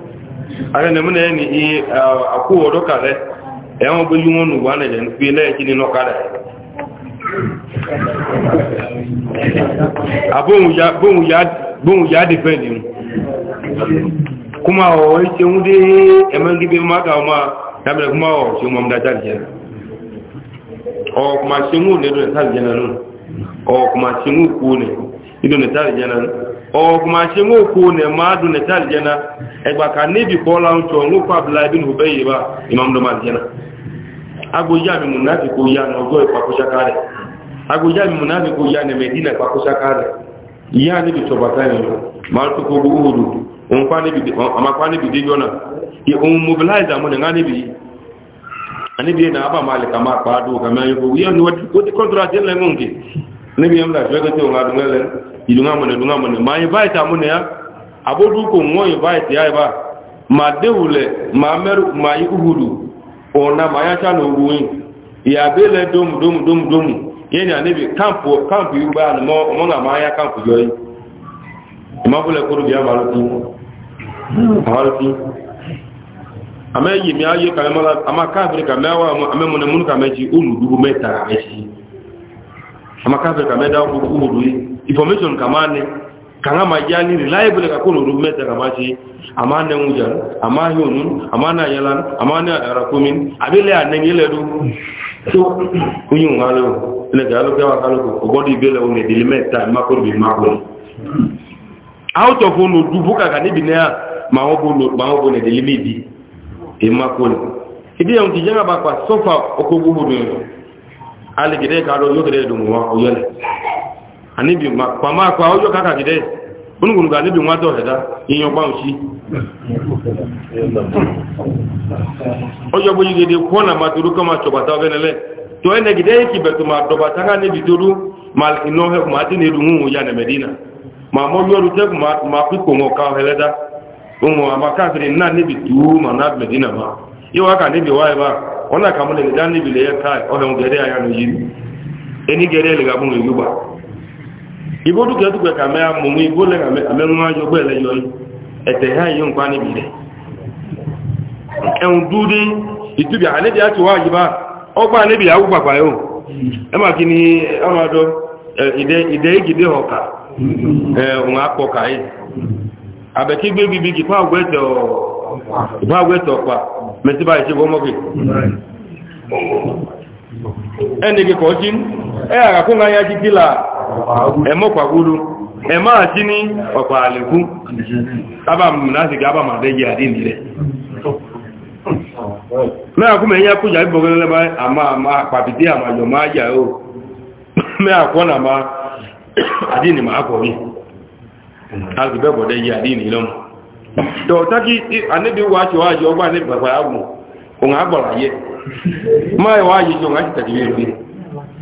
aga ne mu ne ni i aku odo kale e won bo yuwon nu wa ne je nku ile ji ni no kada abun ya bun ya bun ya de fe ni de e man gibe ma ga ma ta me kuma o ti mo mda ta je o kuma singu ne do ta je na nu o ọgụmachi nwe okwu na mmadụ na-eche alijana egba ka nebi kpọọla ntụ nwekwa abụla ebe na ube yi ba imamdom alijana agụji amịmụ na abịkwa ya na ọgọ ịkpakụcha karị agụji amịmụ na abịkwa ya na medina ịkpakụcha karị ihe na nga nebi anebi na aba mali ka ma kpaa dụ ka mee ihe ya m ìlúngà mọ̀nà ìlúngà mọ̀nà ma invite àmúnà ya abódúkò wọ́n invite ya ibá ma déhùlẹ̀ ma mẹ́rù ma na ọ̀nà ma yá sánà ogun yìí ìyàbẹ́lẹ̀ dómù yẹn ni káàmpù ànàmọ́ ọmọ ma káàmpù yọ yìí information kama kanga majani reliable ka kono rume ta kama ci amana ngujar amana yunun amana yalan amana rakumin abile anen yele du so kunyu ngalo le galo ka wakalo ko godi bele one dilimeta makor bi mako out of ono dubuka kanibi ne ma obo ma obo ne dilimidi e mako idi yon kijanga ba kwa sofa okogubu ne ale gide ka do yogire du mo wa anibi ma kwa ma kwa ojo kaka gide unugunu ga anibi nwa to heda iyan pa ochi ojo bo yigede ko na ma duru ko ma chobata benele to ene gide ki betu ma do batanga ne biduru mal ino he ma dine rungu ya na medina ma mo yoru te ma ma ku ko mo ka heleda umu ama na ne bidu ma na medina ma yo aka ne bi wa ba ka bi le ya kai o he ya no yiri eni gere le ga igbo duk etu kwe ka mee amụmụ igbo le ame nwa ajọ ụgbọele yọ ete ha ihe nkwa n'ebi ire ẹ̀hùn dúdé ìtúbì a àti wa àjíbá ọgbà àlébì àwú pàpà yóò ẹmà kí ni ọmọdọ́ ìdẹ́ ìgìdé ọ̀kà ẹ̀hùn akọ̀ọ̀kà yìí àbẹ̀kí gbé bíbí kìpá àgbẹ̀tẹ̀ ọ̀pá mẹ́tíbà ìṣẹ́gbọ́ mọ́kì ẹmọ́ pàgúrú ẹmọ́ àti ní ọ̀pọ̀ àlèkú abàmù láti gá abàmù àdẹ́jẹ́ àdínì rẹ̀ mẹ́ra kú mẹ́yìn kújà ìbọ̀gẹ́lẹ́lẹ́bá àmà àmà pàbìdé àmàjọ̀ máa yà ó mẹ́ra kọ́ nà máa àdínì máa kọ̀ rí láti bẹ́bọ̀dẹ́ yẹ àdínì lọ́mù tọ̀ọ̀tákí anẹ́bí wá ṣe wáyé ọgbà anẹ́bí bàbá àgbọ̀n òun àgbọ̀n àyẹ́ máa wáyé ṣe òun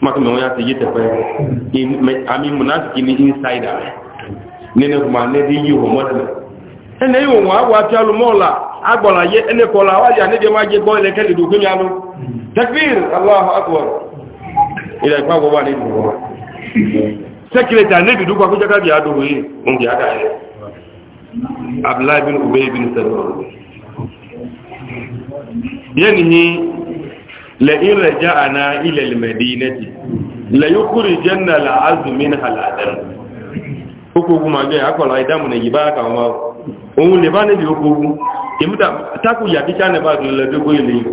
maka mɛ ŋɔnya ti yi tɛfɛ ami munafiki ni insaida ne ne kuma ne yi o mɔ tɛmɛ mɔ la ye awa ya ne de ma je bɔ ɛlɛ kɛlɛ do kemi alu takbir alahu akbar ila ikpa gbɔ ba ne dugu kɔ sɛkireta ne dudu kɔ ko jaka bi a dogo ye o ŋun a ka yɛ abdulayi bin ubey bin yɛ nin ye. la'in raja a na ilal madinati la yi kuri janna la'azumin haladar hukuku ma gaya akwala idamu na giba aka ma ohun le ba ne bi hukuku imta taku ya ne ba gila goyi ile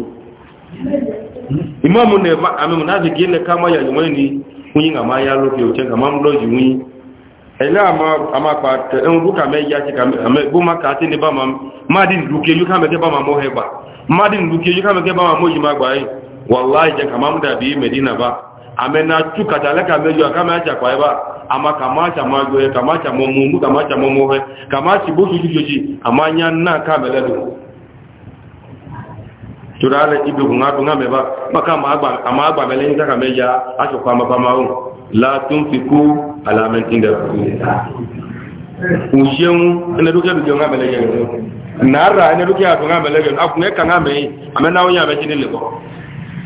imamu ne amimu na zigi ne kama ya yumai ni kunyi nga ma ya lofi oce nga ma m loji wunyi ele ama pa ehun me ya me bu ma ka ti ni ba ma ma di duke yu ka ma mo ma di duke yu ka me ke ba ma mo ma gba yi wallahi jan kamam da bi medina ba amena tuka talaka mejo kama acha kwa ba ama kamacha mago kamacha mumu kamacha momohe kamachi busu jujuji amanya na kamela do turale ibu ngadu ngame ba maka maagba amaagba mele nta kameja acho kwa mapa maun la tunfiku ala man inda rasulillah ujeun ina duka duka ngamele ngene nara ina duka ngamele ngene akuneka ngame amena onya abe chinile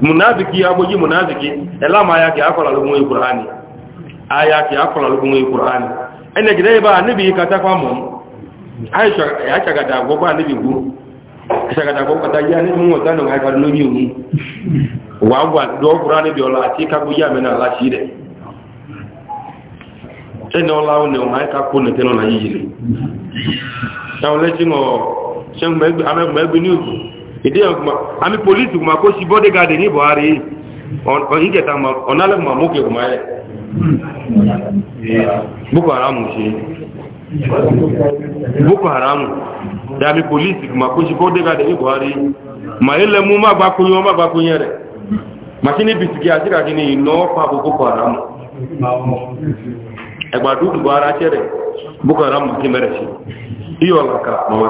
munafiki ya boji munafiki elama yake akola lugu yi qur'ani aya yake akola lugu yi qur'ani ene gide ba nabi kata kwa mu aisha ya chaga da go ba nabi gu chaga da go kata ya ni mu no wa wa do qur'ani bi ola ti ka ya mena la shi de ene ola o ne o mai ka ku ne teno na yi ni me ìdí ẹ̀ kuma àmì polisi kuma kó si bọ́dégàdì ní hmm. buhari ma ìkẹta ọ̀nàlẹ̀ kuma mókè kuma yẹ boko haram ṣe boko haram dàmì polisi kuma kó si bọ́dégàdì ní buhari yìí mà ilẹ̀ mú má gbàkúnyẹ má rẹ̀ àti iná boko haram ẹgbàdúgbò ara ṣẹlẹ̀ boko haram kí mẹ́rẹ̀ ṣe iyọ̀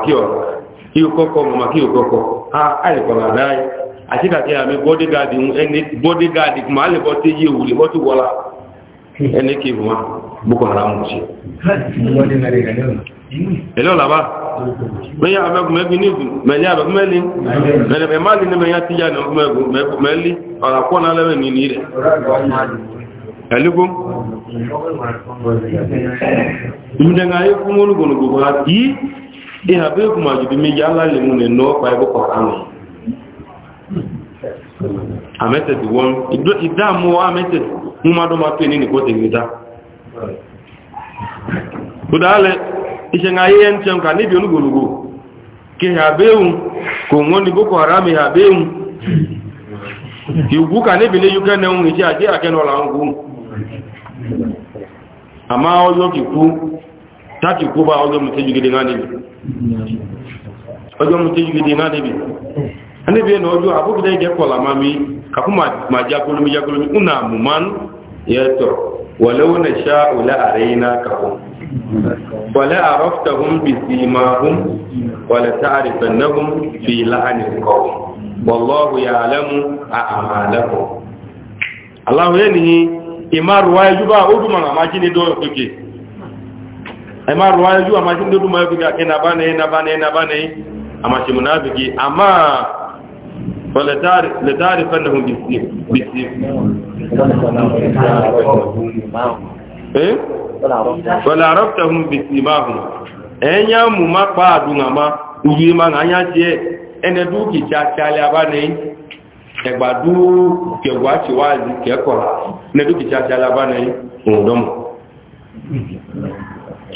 kí ọ̀làkà. kí o kọ́kọ́ mọ̀má kí o kọ́kọ́ a àìkọ̀lá dáyé àti kàkí àmì bọ́dígáàdì ẹni bọ́dígáàdì kùmà á lè bọ́ tí yé òwúlé bọ́ tí wọ́lá ẹni kí wọ́n boko haram ṣe ẹ̀lọ́ làbá mẹ́yà abẹ́gùnmẹ́gbìn ní ìdùn mẹ́lẹ́ abẹ́gùnmẹ́lẹ́ mẹ́lẹ́mẹ́lẹ́ ní mẹ́yà tíyà ní ọgbẹ́gùnmẹ́lẹ́ ọ̀rà pọ́ náà lẹ́wẹ̀ ní rẹ̀ ẹ̀lúgbọ́n ìmìdẹ̀ngà ayé fún olùgbòlùgbò ìhà bí kùmà jù bí méjì alálèmú ní ní ọpa ẹgbẹ́ kọ̀ọ̀ránù àmẹ́tẹ̀tì wọn ìdáàmú àmẹ́tẹ̀tì mú má dọ́mà pé ní nìkọ́ tẹ̀gbẹ́ta tó dáálẹ̀ iṣẹ́ ń ayé ẹni tẹ́mkà níbi onígbòlùgbò kí ìhà béhùn kò wọ́n ní boko haram ìhà béhùn ìwú kà níbi ní yúkẹ́ nẹ́hùn ìṣẹ́ àjẹ́ àkẹ́nà ọ̀là ń gùn àmá ọyọ́ kìkú taki kuba ojo mu teju gidi ngani ojo mu teju gidi ngani bi ani bi no ojo abu gidi ge kola mami kakuma ma jakulu mi jakulu una muman yeto walau na sha'u la arayna kakum wala araftahum bi simahum wala ta'rifannahum fi la'anil qawm wallahu ya'lamu a'malakum Allah yani imar wa yuba ma ruwaya ju amma shin dudu ma yake ga ina bane ina bane ina bane amma shi munafiki amma falatari latari fannahu bisif bisif eh? ma pa adunga ma uyi ma anya je ene du ki cha cha le abane egba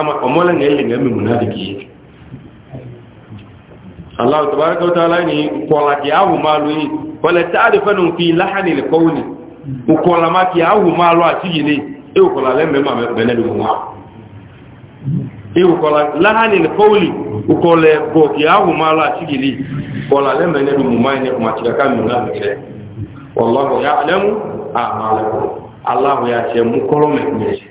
ama ọmọlẹ́ ní ẹ̀lẹ̀ ẹ̀mí mùnáfikì aláwọ̀ tàbárakà tààlá ní kọ̀ọ̀lá kí áwù máa lò yìí kọ̀lẹ̀ tààrí fẹ́nu fi láhàní lè kọ́wù ní kọ̀ọ̀lá má kí áwù máa lọ àti yìí ní ewu kọ̀lá lẹ́mẹ̀ẹ́mà mẹ́lẹ́lẹ́ wọn ewu kọ̀lá láhàní lè kọ́wù ní kọ̀lẹ̀ bọ̀ kí áwù máa lọ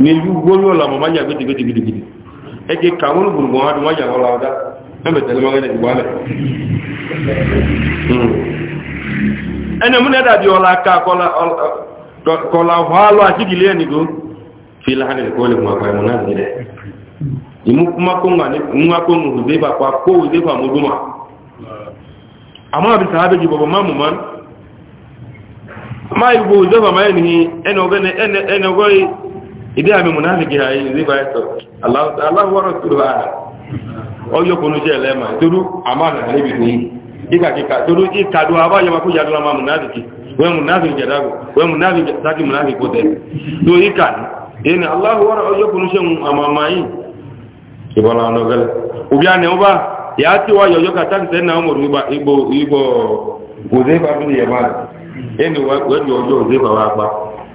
ni ugbo onye ụlọ ma ya gidi gidi gidi gidi eke ka nwụrụ gburu mmadụ nwa ya nwụrụ ada emetele mmanwụ na igbo ala ẹni mú nẹ́dà bí ọlá ká kọlá hálọ́ àjígilé ẹnìdó fi láàrin ẹ̀kọ́ lè ìdí àmì mùnáfìkì àyè ìdíbà ẹ̀tọ́ aláwọ̀rọ̀ tóró ààrẹ ọyọ́kùnrin jẹ́ ẹlẹ́mà tóró àmàrà níbi tó yìí ìkàkíkà tóró ìkàdó abáyọmọ kó yàdó àmà mùnáfìkì wẹ́ mùnáfìkì jẹ́dàgò wẹ́ mùnáfìkì sákì mùnáfìkì kó tẹ̀ tó ìkà ní ẹni aláwọ̀rọ̀ ọyọ́kùnrin jẹ́ àmàmà yìí ìbọ̀lá ọ̀nà ọ̀gẹ́lẹ̀ òbí àná ọba yàá tí wá yọ̀yọ́ kàtàkì sẹ́ni àwọn ọmọdé ìbò ìbò òzèfà fún ìyẹ̀mà ẹni wẹ́ẹ̀dì ọjọ́ òzèfà wá pa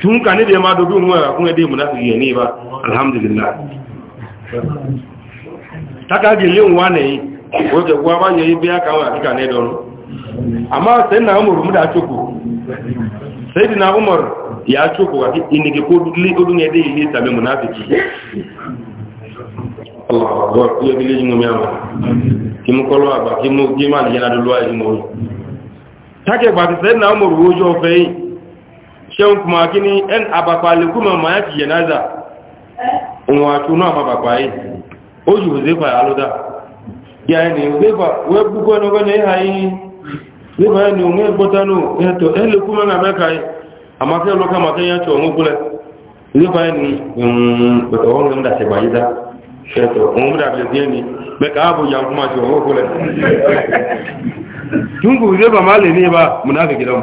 tun ka ne da ma dobi nuwa kun yadda munafiki ya ne ba alhamdulillah taka gele nwa ne oge gwa ba yayi biya ka wa kika ne don amma sai na umar mu da choko sai dina umar ya choko ga inni ke ko li odun yadda yi ta me munafiki Allah akbar ku yabi le jingo miama kimu kolo aba kimu kima jina do lo ayi mo take ba sai na umar wojo fe ṣeun kuma kini en abapale kuma ma ya ci za unwa tunu abapapa yi o ji zefa ya aluda ya ni ozefa we buko no gane ha yi ozefa ya ni onwe um, gbotanu eto ele kuma na meka yi amma kai loka ma kai ya ci onwe kule ozefa ya ni bata onwe mda se bayi da eto onwe mda bilezi ni meka abu ya kuma ci onwe kule tun ku ozefa ma le ne ba munafiki don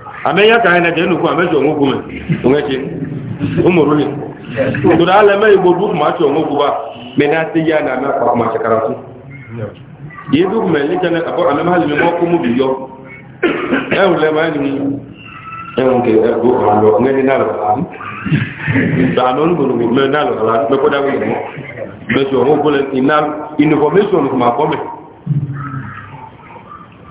o o na na me amẹ́yà kàá ẹ̀nà jẹ́ nùkú àmẹ́jọ òmùkú mẹ́ òmẹ́jẹ òmùrú ni tòdá alẹ́mẹ́ ìgbò dúkù máa tí òmùkú bá mẹ́ni àti yá ní àmẹ́ àpapọ̀ máa ṣẹkara tún yìí dúkù mẹ́ ní kẹ́nẹ́ àpọ̀ àmẹ́ máa lè mọ́ kó mú bì yọ ẹ̀rù lẹ́ máa ní ẹ̀rù kẹ ẹ̀rù àlọ́ ẹ̀ni náà lọ́la tààmì onígbòlùgbò mẹ́ náà lọ́la mẹ́kọ́dá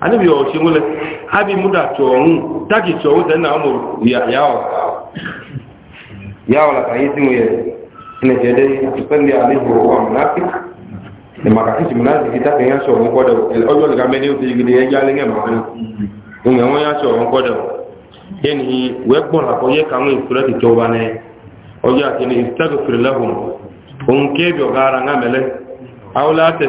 ani bi o shingule abi muda chongu taki chongu tena amu ya yao yao la kaisi mu ye ala jede tupendi alihu wa mnafik ni makakisi mnazi kitaka ya chongu kwa dawo el ojo le ya chongu kwa dawo yeni we gbon la ko ye kan ni sura ti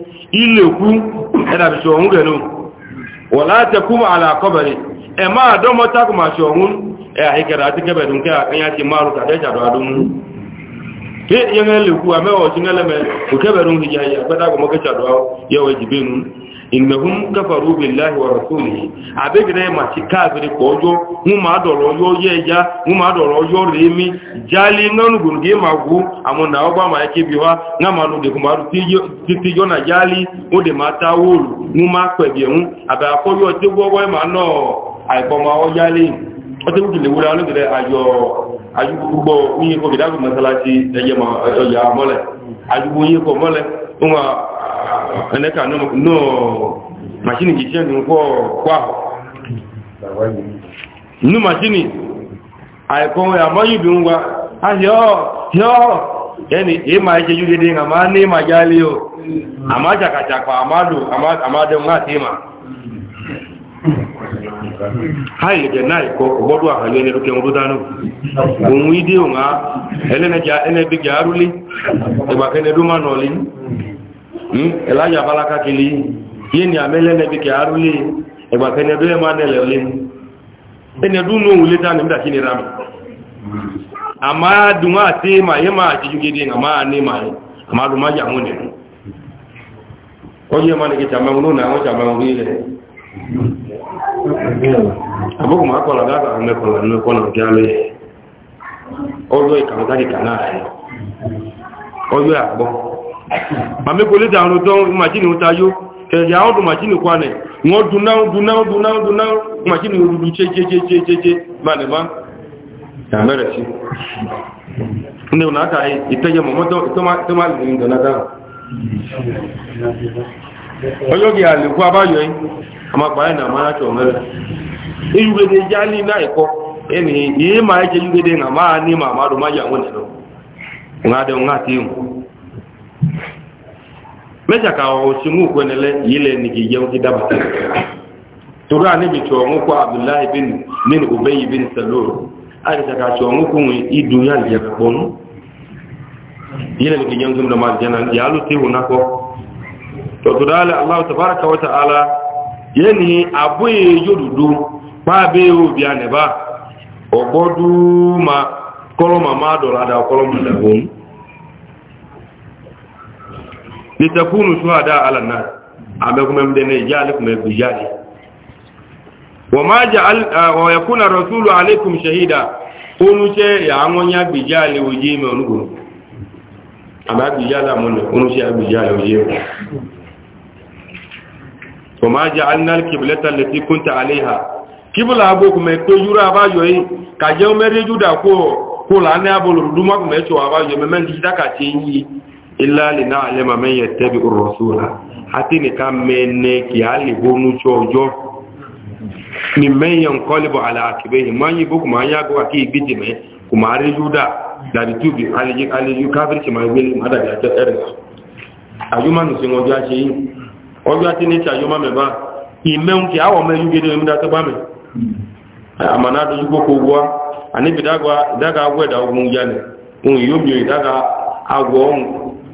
ilekwu ẹ̀dàbìṣì ọ̀hún gẹ̀nú wọ̀ láti kú àlà àkọ́bẹ̀rẹ̀ ẹ̀ máa dọ́mọ́ takùmàṣì ọ̀hún ẹ̀ àìkẹ̀rẹ̀ àti kẹbẹ̀dùn kẹ́ àkẹyà ti máa rú kàdẹ́jàdọ̀ adúmú innahum kafaru billahi wa rasulihi abegere ma ti kaabiri kojo mu ma doro mu ma doro jali nganu gunge magu oba ma yake biwa ngama nu de kuma ru ti ti na jali o de ma ta wulu mu ma pebe un ti ma no ma o jali o te wule wura lu de ayo ayu gbo ko ma ya mole ayu yin ko mole ẹnẹ́ka náà màṣínì kìí ṣẹ́nu pọ̀ pàhọ̀ inú màṣínì àìkọ́ àmọ́yìnbí ń wa a yọ́ yọ́ ẹni èémà ẹ̀ṣẹ́ yóò dédé àmá ní ìmà jálé o àmá jàkàjàpà àmádò àmádẹ́un láti ìmà haile jenai ko bodu a halu ne ruke mudu dano un ide un a elene ja ene bi jaruli e ba kene duma nolin Hmm? elijah balaka kili yé ni amẹ́lẹ́ nẹ́bi kẹ́ arúlé ẹgbà kẹ́ni ẹdún ẹ̀mọ́ anẹ́lẹ̀ ọlé ẹni ẹdún ní òun létà nígbà kí ni ra mi àmà dùn á sí mà yé mà àti jùgídé àmà ní mà yé àmà dùn má jà mú nìyẹn ọjọ́ ẹ̀mọ́ nìkẹ́ tàmẹ́wọ̀n náà wọ́n tàmẹ́wọ̀n ní ilẹ̀ àbúkù máa kọ̀lá dágbà mẹ́kọ̀lá nínú kọ́nà kí á lé ọjọ́ ìkàwọ́ amekole da aro don machine utayo kẹjẹ àwọn ọdún machine kwanẹ̀ wọ́n na dunáwó dunáwó dunáwó machine olùdú chéchéchéchéché mánìmá ìyàmẹ́rẹ̀ sí ama ọ̀nà àkà ìtẹ́jẹ na tó má lè dọ̀nà dáhùn ọjọ́ kí a lè na ma ya mẹ́jà ka ọ̀hún ṣe mú òkú ẹnẹlẹ́ yìí lẹ́ nìkì yẹun ti dábà torí à níbi tí ọ̀hún kọ́ abdullahi bin min obeyi bin salur àìsàn ka tí ọ̀hún kún ìdú yà lè yẹn pọ̀ nù yìí lẹ́ nìkì yẹun ti dọ̀mà jẹ́ náà yà á ló ti hùn akọ tọ̀tù dáálẹ̀ aláwọ̀ tàbára kawọ́ ta ala yẹ́ ni àbúyé yóò dúdú pàbẹ́ òbí ànẹ̀bá ọ̀gbọ́dú ma kọ́lọ́mà má dọ̀rọ̀ àdà ọ̀kọ́lọ́mà dàgbọ́n litakunu shuhada ala nas amekume mdene ijali kumebijali wama ja'al ah, wa yakuna rasulu alaykum shahida unuche ya angonya bijali ujime onugo ama bijala munne unuche bijali ujime wama ja'alna alqiblata allati kunta alayha kibla abu kuma to أبا جوي، yoyi ka je o mereju da ko ko la ne abulu duma kuma echo illa li na'lama man yattabi'u ar-rasula hatini kam menne ki ali bonu chojo ni men yanqalibu ala akibihi man yibuku man yago aki bijime kuma rejuda da tubi ali ali kafir ki man wil ada da ta er ajuma no singo ja chi ojo ati ni cha yoma meba imen ki awo me yugede mi da to ba me amana do yugo ko gwa ani bidagwa daga weda ogun jane un yobi daga agwo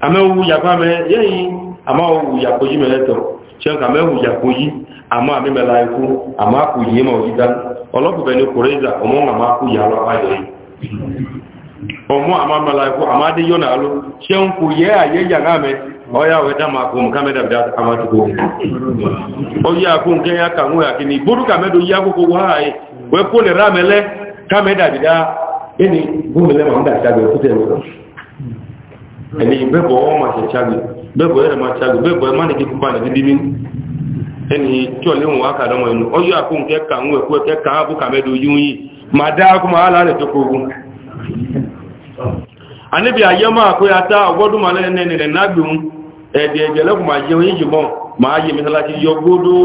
amewu yakɔ amɛ yeyi amawu yakɔdzi mɛ lɛtɔ tiɛ nka amewu yakɔdzi ama ami mɛ la eku ama aku yi ma oyi ta ɔlɔpɔ bɛ ni ɔmɔ ŋa ma aku yi alɔ yɛ ɔmɔ ama mɛ la ama de yɔ na alo tiɛ nku yɛ ayɛ mɛ ɔya wɛ ta ma kom kame dabi da ama tugu ɔyi ako nkɛ ya kaŋu ya kini bodu kame do yi akoko wa ye wɛ ko ne ra mɛ lɛ dabi da ɛni lɛ ma da ta kutɛ ẹni bẹ́bọ̀ wọ́n ma ṣe ṣáàgì bẹ́bọ̀ ẹ̀rẹ̀ ma ṣáàgì bẹ́bọ̀ ẹ̀ má ní kíkú bá nìdí dídí ẹni tí ọ̀lẹ́ wá kàdọ́mọ inú ọjọ́ àkóhùn kẹ́kà ń wẹ̀kú ẹ̀kẹ́ kà á bú kàmẹ́dọ̀ yún yìí Ma dá ya ẹni rẹ̀ nágbèun ẹ̀dẹ̀ ẹ̀jẹ̀ lẹ́kùn máa jẹun yíyí mọ́ máa yẹ mẹsàlásì yọ gbódó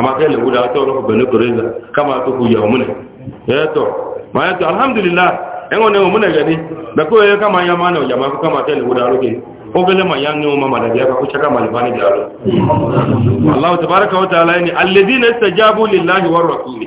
amma kai lewu da tawo ko bane koreza kama to ku yawo mune eh to ma ya to alhamdulillah en wona mune gani da ko ya kama ya mana ya ma ko kama kai lewu da roke ko bele ma ya nyo mama da ya ko chaka malibani da ro Allah tabaaraka wa ta'ala ni alladhina istajabu lillahi war rasul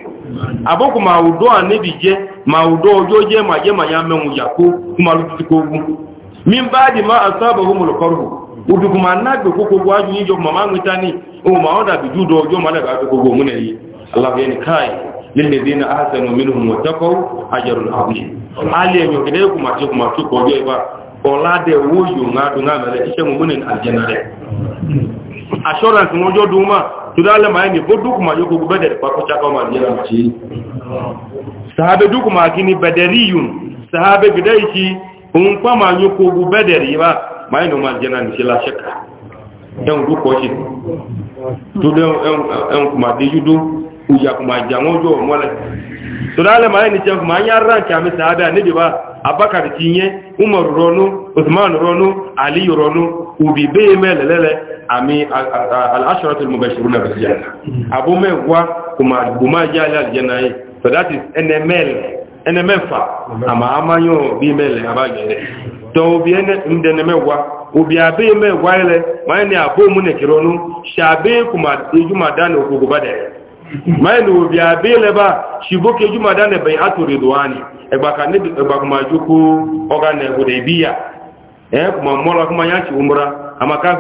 aboku ma udo anabi je ma udo ojo je ma je ma ya menwu yako kuma lu ti ko gun min ba'di ma asabahumul qarhu udukuma nagbe kokogo aju yin jo mama nwita ni o ma oda bi judo ojo ma daga kokogo mu ne yi allah yani kai lil ladina ahsanu minhum wa taqaw ajrun azim ali enyo kede kuma ti kuma ti ko je ba ola de wo yo nga du nga mele ise mu ne aljanna de assurance mo jo duma tudale ma ni bo kuma yo kokogo bede pa ko chaka ma ni ram ci sahabe du kuma kini badariyun sahabe bidaichi un kwa ma yo kokogo bede riba mai no man jena ni la shaka dan du ko ci to de en kuma de judu u ya kuma jango jo mole to dale mai ni jan kuma ya ran ka mi sahaba ne ba abakar tinye umar ronu usman ronu ali ronu ubi be melelele ami al-ashratu al-mubashiruna bil janna abu mewa kuma kuma ya al-janna so that is nml ene mefa ama amanyo bi mele abagere to bi ene mde ne mewa obi abe me waile mai ne abo mu ne kironu shabe kuma ejuma dane ogogo bade mai ne obi abe ba ka ne egba ya ci umra ama ka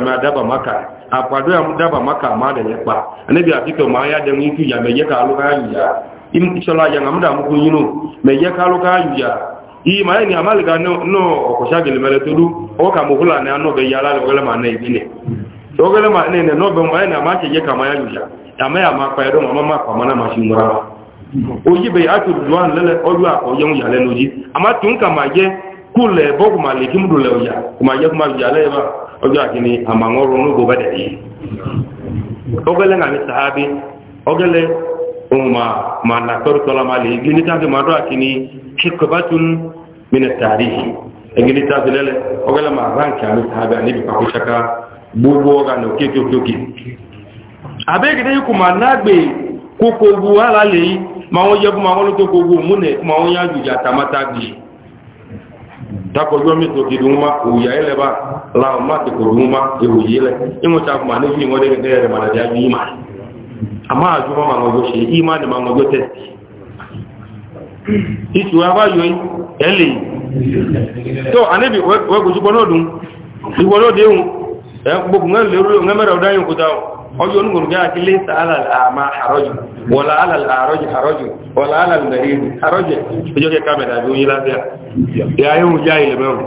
ma daba maka akwado ya daba maka ma de ne pa ne bi ma ya de ngi ya ya imkichola ya na muda mkuu yinu meje kaluka ayuya ii ma ni amali ga no no okoshagele mele tudu oka muhula na ano be yala le ma na ibine ogele ma ne ne no be ma na ma cheje kama ama ya ma pa edo mama ma pa mana ma shimura oyi be atu duan lele odu ako yemu yale noji ama tun kama je kule boku maliki mudule oya kuma je kuma le ba ojo akini ama ngoro no go bade yi sahabi umma ma na toru tola ma gini ta ma do akini hikbatun min at-tarikh gini lele o gala ma ran ka sahaba ni bi ko ga no ke abe na gbe ko ko bu ala le ma won je ma won to ko bu mu ne ma won ya ju ja ta mata gbe ta ko mi ma o ya ele ba la ma ti ko dun ma e o yele e mo ta àmọ́ àjúmọ́ ma mọ̀gbọ́ ṣe ìmáni ma mọ̀gbọ́ tẹ́sì ìtù abáyọ ẹ̀lẹ̀ tó anẹ́bì wẹ́gbùsùgbọ́n náà dùn ìwọ̀n náà déhùn gbogbo mẹ́rẹ̀ ọ̀dáyìn kúta ọjọ́ onígbòrùgbé àti lẹ́sà alàlàmà àrọ́jù wọ́la alàlàrọ́jù àrọ́jù wọ́la alàlàmẹ̀rẹ̀ àrọ́jù ọjọ́ kẹta mẹ́ta bí ó yí láti à yà yóò já ilẹ̀ mẹ́rùn-ún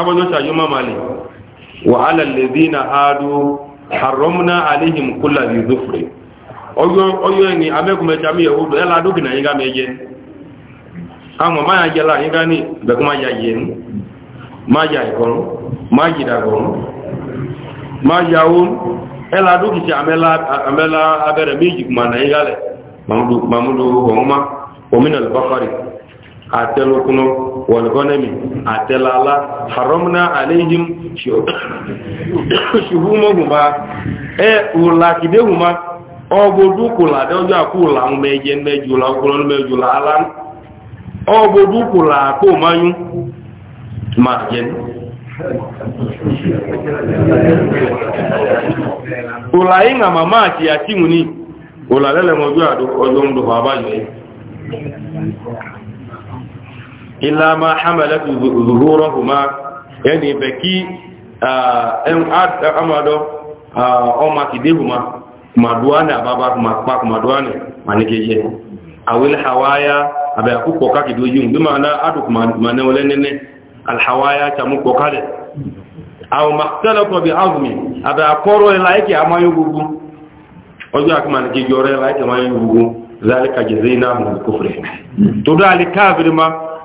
abọ́jọ́ ṣàyọ́ máma lè wà á lẹ̀lẹ̀ bí na àádó àrọ́múná àléhìm kúlà bí zófre ọyọ́ ẹni amẹ́kùnmẹ́ta mi yẹ̀wò bẹ́ẹ̀ ládókì náà yíká mẹ́jẹ́ àwọn máa yà jẹ́lá yíká ní bẹ̀kún máa yà yẹ̀ máa yà ìkọrún máa yìí dàgọrún máa yà ó ẹlà dókì sí amẹ́lá abẹ́rẹ̀ méjì kùmà náà yíká lẹ̀ mamúdó ọ̀hún má òmìnà lọ́kọ́rì atelokunu walgonami atelala haramna alaihim ba e ulakidehuma ogbodukula de ojo akula meje mejula okulonu mejula ala ogbodukula ako mayu marjen ulainga mamaati atimuni ulalele mojo adu ojo mdu illa ma hamalat zuhurahuma yani baki en ad amado o ma kidehuma ma duwana baba ma pa ma duwana manike ye awil hawaya abe akuko ka kido yun bi mana adu ma ne wala nene al hawaya ta mu ko kale aw mahtalatu bi azmi abe akoro laiki amayo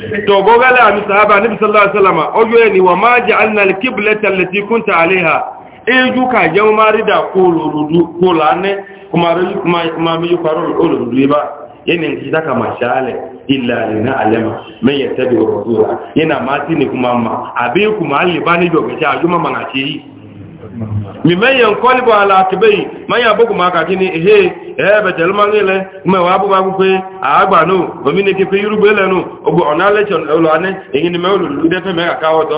to gogale ami sahaba nabi sallallahu alaihi wasallam ojo eni wa ma ja'alna al-qiblata allati kunta alaiha eju ka je marida kolorudu kolane kuma kuma mi yufaro olorudu ba yenin kita kama shale illa lina alama man yattabi rasula yana matini kuma ma abe kuma alibani jogacha ajuma mangachi mimeye nkọlịbụ ala akịbeghị manya abụghị maka gịnị ihe ebetele mmanụ ile mmewe abụba akwụkwọ agbanụ omenikepe yorugbo elenụ ogbo ọ na-alechọ ụlọ anị enyinime ụlọ defe mega ka ọdọ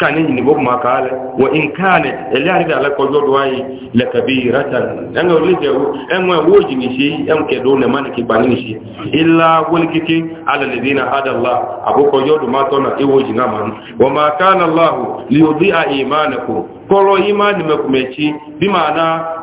kane ni bobu makale wa in kane ele ari ala ko jodo ay la kabiratan anga ulije wu enwe woji ni shi en ke do ne man ki bani ni shi illa wal kiti ala ladina hada allah abuko jodo ma to na ewoji na man wa ma kana allah li yudhi'a imanakum kolo imani mekumechi bimaana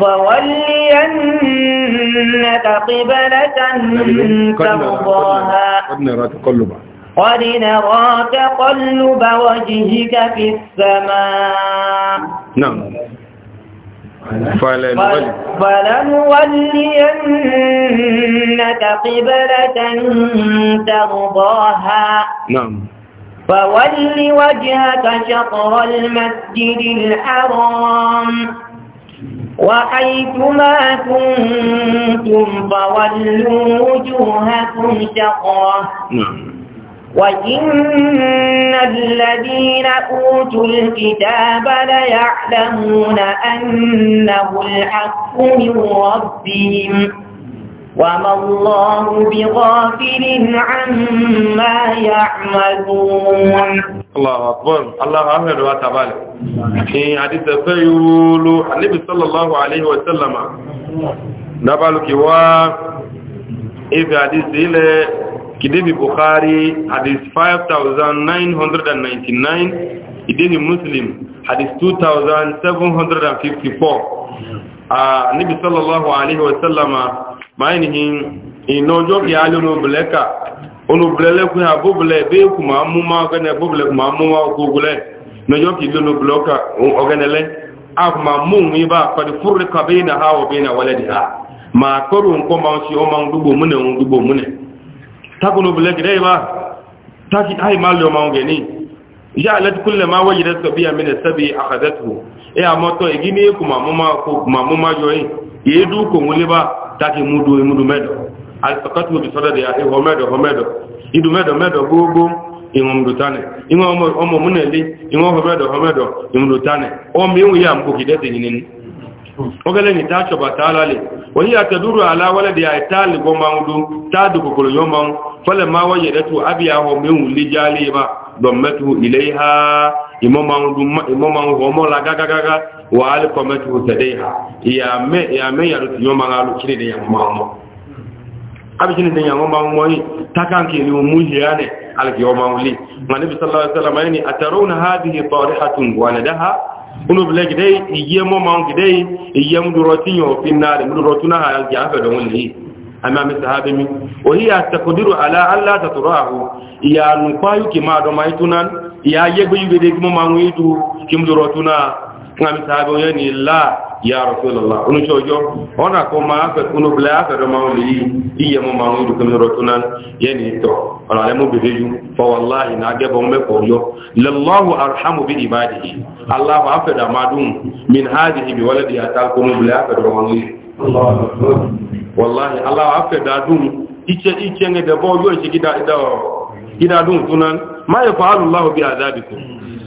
فولينك قبلة ترضاها قد نرى تقلب قد نرى تقلب وجهك في السماء نعم فلنولينك قبلة ترضاها نعم فول وجهك شطر المسجد الحرام وحيثما كنتم فولوا وجوهكم شقره نعم. وإن الذين أوتوا الكتاب ليعلمون أنه الحق من ربهم وما الله بغافل عما يعملون الله أكبر الله أهل وتعالى إن حديث فيقول النبي صلى الله عليه وسلم نبالك وا إذا حديث إلى كتاب البخاري حديث 5999 كتاب مسلم حديث 2754 النبي صلى الله عليه وسلم ما إنه إنه جوك يعلم بلك olùbìlẹ̀ kún àbúbìlẹ̀ bí kù máa mú máa ọgẹ́nẹ̀ búbìlẹ̀ kù máa mú máa ọkọ̀ọ̀gùlẹ̀ lọ́jọ́ kìí lónú bìlọ́kà ọgẹ́nẹ̀lẹ́ a kù máa mú ní bá pàdé fúrúkà bí na ha ọ̀bí na wọlé dìá máa kọ́rù nǹkan máa ṣe ọmọ gbogbo múnẹ̀ ohun gbogbo múnẹ̀ takùnú bìlẹ̀ gẹ́gẹ́ bá tákì áì máa lọ máa gẹ̀ní ìyá alẹ́tí kúlẹ̀ máa wọ́yẹ̀ rẹ̀ sọ̀bí àmì rẹ̀ alifakatu bi sɔrɔ de ya ihɔ mɛdɔ hɔ mɛdɔ idu gbogbo ìwọ̀nmùdùtánẹ̀ ìwọ̀n ọmọ múnẹ̀lé ìwọ̀n hɔ mɛdɔ hɔ ọmọ ìwọ̀n yà mú kìdẹ́ ti ta sɔba ta ala le oyi ataduru ala wale de ayi ta le gbɔmaŋu do ta do kokolo yɔmaŋu fɔlɛ ma wɔ yɛrɛ to abi mewu le jaale ma dɔmɛtu ile ha imɔmaŋu do la gagagaga wa abishin da yawon ba wani ta kanke ne mu hiya ne alkiyo ma wuli ma nabi sallallahu alaihi wasallam yani atarawna hadhihi tarihatun wa nadaha kunu bilaki dai iye mo ma ngi dai iye mu duroti yo finna de mu durotuna ha alkiya fa da wuli amma mi sahabi mi wa hiya taqdiru ala alla taturahu ya nu kwayu ki ma do mai tunan ya yegbe yube de mo ma ngi du kim durotuna ngami sahabe yo ni la ya rasulullah unu chojo ona ko ma fa kunu bla fa do ma li iye mo ma ndu kam rotunan yani to ona le mo be ju fa wallahi na ge bo me ko yo lallahu arhamu bi ibadihi allah wa fa da madum min hadhihi bi waladi atal kunu bla fa do ma li wallahi allah wa fa da dum iche iche nge de bo yo iche gida ida gida dum tunan ma yafalu allah bi adabikum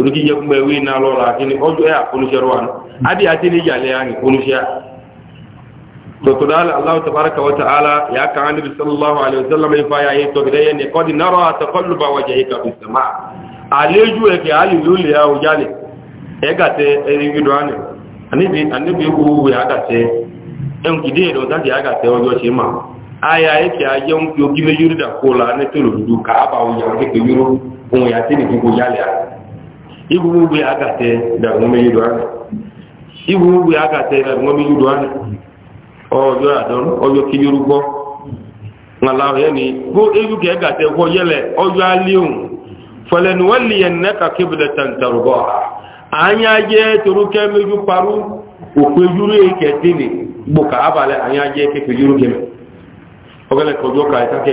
torí kí jẹ́kú ẹwé iná lọ́rọ̀ àkíní ọjọ́ ẹ̀ àpolúṣẹ́ rọ́wà ní adé àti ní ìyàlẹ̀ àrìn polúṣẹ́ tòtòdá aláwọ̀ tàbárakà wata ala ya ka an níbi sallallahu alaihi wasallam ya yẹ tó gidẹ yẹ ní kọ́ di nárọ̀ àtàkọ́lùbà yìí kàfin lè ya òjá lè ẹgàtẹ ẹni gbìdọ̀ ánì àníbi owó àgàtẹ ẹn kìdí ẹ̀dọ̀ dájì àgàtẹ ọjọ́ ṣe mà aya ẹ̀kẹ́ ajẹ́ ń fi ogí méjì rí dà kó la ní tòlòdù kàábà òjò àkẹ́kẹ́ yúrò ohun igwugwe agate da ngome yudwana igwugwe agate ahụ ngome yudwana ojo adon ojo kiyurugo ngalawo yani go egu ke agate ko yele ojo aliun falan walli annaka qiblatan tarbaha anya je turuke meju paru opejuru eketini gboka abale anya je ke pejuru geme ogele kojo ka ta ke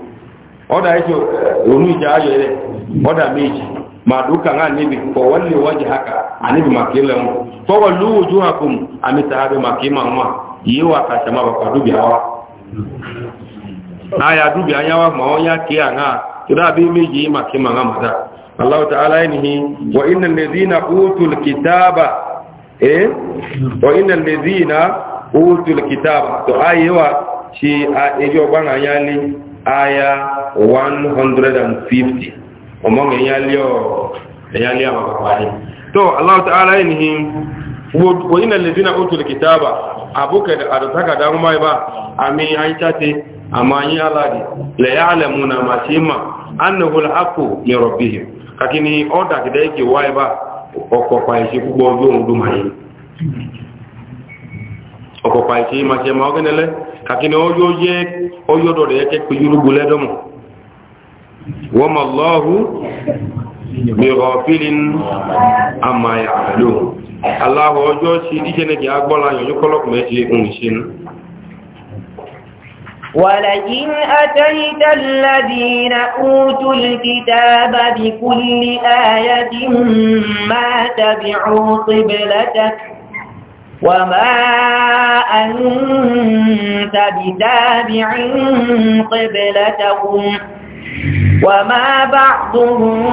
ọ̀dà ẹ̀jọ̀ ònú ìjà ayọ̀ rẹ̀ ọ̀dà méjì máa dúkà ńlá níbi fọwọ́ lè wájú haka àníbi màkì lẹ́wọ̀n fọwọ́ lówó ojú àkùn àmì tàbí màkì máa wà yìí wà kàṣà máa bàbá dúbì àwa. aya 150 ọmọ ẹ̀yàlẹ́ àwọn àpapàá to aláwọ̀ ta'ala yìí ni wòyínà lèzínà ó ba kìtàbà àbúkẹ̀ àdùtákà dáhùn báyìí bá àmì àyíkáte àmà yí aláàdì lẹ̀yà alẹ́mù na ma ṣe ma annahul haku ni rọ̀bí kàkí ni ó dàkìdẹ́ ìkè wáyìí bá ọkọ̀pàá ìṣẹ́ púpọ̀ ọjọ́ òun kakini oyo ye oyo dɔdɔ yɛ kɛ kpejuru gbolɛ dɔmɔ wɔmɔlɔhu bihɔfilin amayalo alahu ɔjɔ si idzɛnɛ kì agbɔla yɔnyɔ kɔlɔ kò mɛ si ohun si nu. ولئن أتيت الذين أوتوا الكتاب بكل آية ما تبعوا قبلتك وما أنت بتابع قبلتهم وما بعضهم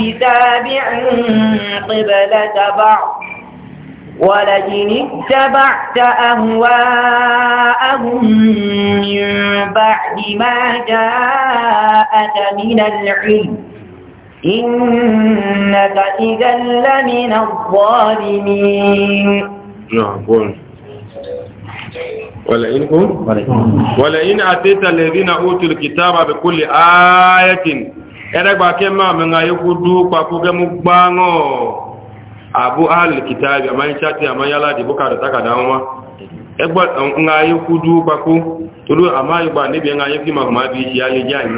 بتابع قبلة بعض ولئن اتبعت أهواءهم من بعد ما جاءك من العلم إنك إذا لمن الظالمين ولئن أتيت الذين أوتوا الكتاب بكل آية ẹ̀rẹ́gbà kí máa mẹ́ra yóò dú papò gẹ́mú gbáńọ̀ àbú alìkìtà àmáyíṣà tí àmáyálà dìbò kàdà takàdà wọn ẹgbà ńra yóò dú papò torú àmáyígbà níbi ẹ̀ra yóò kí máa máa bí iṣẹ́ ayé jẹ́ àyí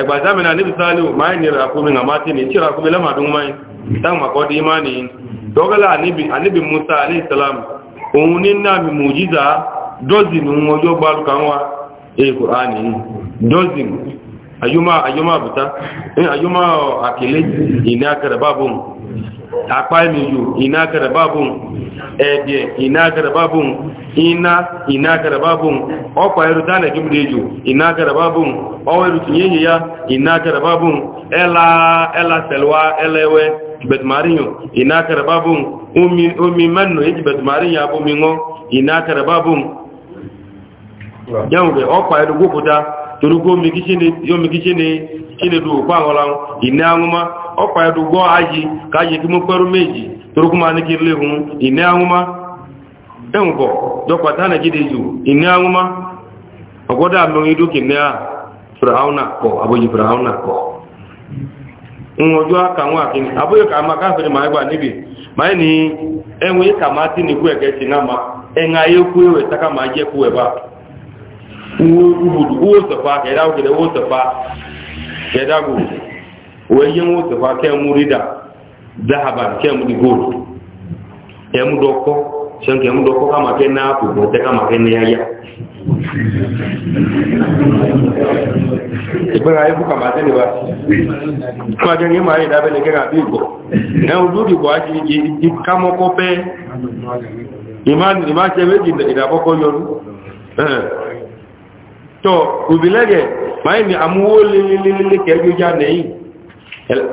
ẹgbà sámìnà níbi sáà dọ́gọ́lá àníbì musa aléìsàlám òun ní náàbì mùjíza dọ́zìn ohun ọjọ́ gbárùkà wá èkò àní dọ́zìn ayọ́mà àbúta ayọ́mà àkèlé ìní ina ina garababun ọkwa eru dana jumde ju ina garababun ọweru tinyenye ya ina garababun ela ela selwa elewe betmarinyo ina garababun umi umi manno eji betmarinyo abu mingo ina garababun yawbe ọkwa eru guputa turugo mi kishine yo mi kishine kine du kwa ngola ina nguma ọkwa eru go aji kaje kimu peru meji turukuma nikirlehun ina nguma ẹnkọ̀ jọpàtà nàìjíríà jù ìní ahúnmá ọgọ́dá mẹ́rin dókè ní fìràhánà kọ̀ àbójì fìràhánà kọ̀ ńwọjọ́ àkàwọn àkíní àbóyè kà máa káfẹ́rẹ́ máa gbà níbi máa ní ẹ̀wọ̀n yìí kà máa tí nìkú ẹ̀kẹ́ sí náà máa ẹ̀ǹà ayé kú ẹ̀wẹ̀ tákà máa sẹ́ńkẹ̀ ń dọ́kọ́ ká máa kẹ́ náà kò bọ̀ tẹ́ ká máa kẹ́ ní ayá ìgbéra ikú kà máa tẹ́lẹ̀ wá fún ajẹ́ ní máa ìdábẹ́lẹ̀ kẹ́kà bí ìgbọ̀ ẹ̀hùn lórí ìgbọ̀ ajé ìkámọ́kọ́ pẹ́ ìmáṣẹ́ méjì ìdàkọ́kọ́ yọrú tọ́ òbílẹ́gẹ̀ máa ní àmúwó lélẹ́lẹ́lẹ́ kẹjú já nẹ́yìn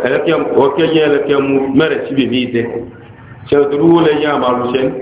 ẹlẹ́kẹ́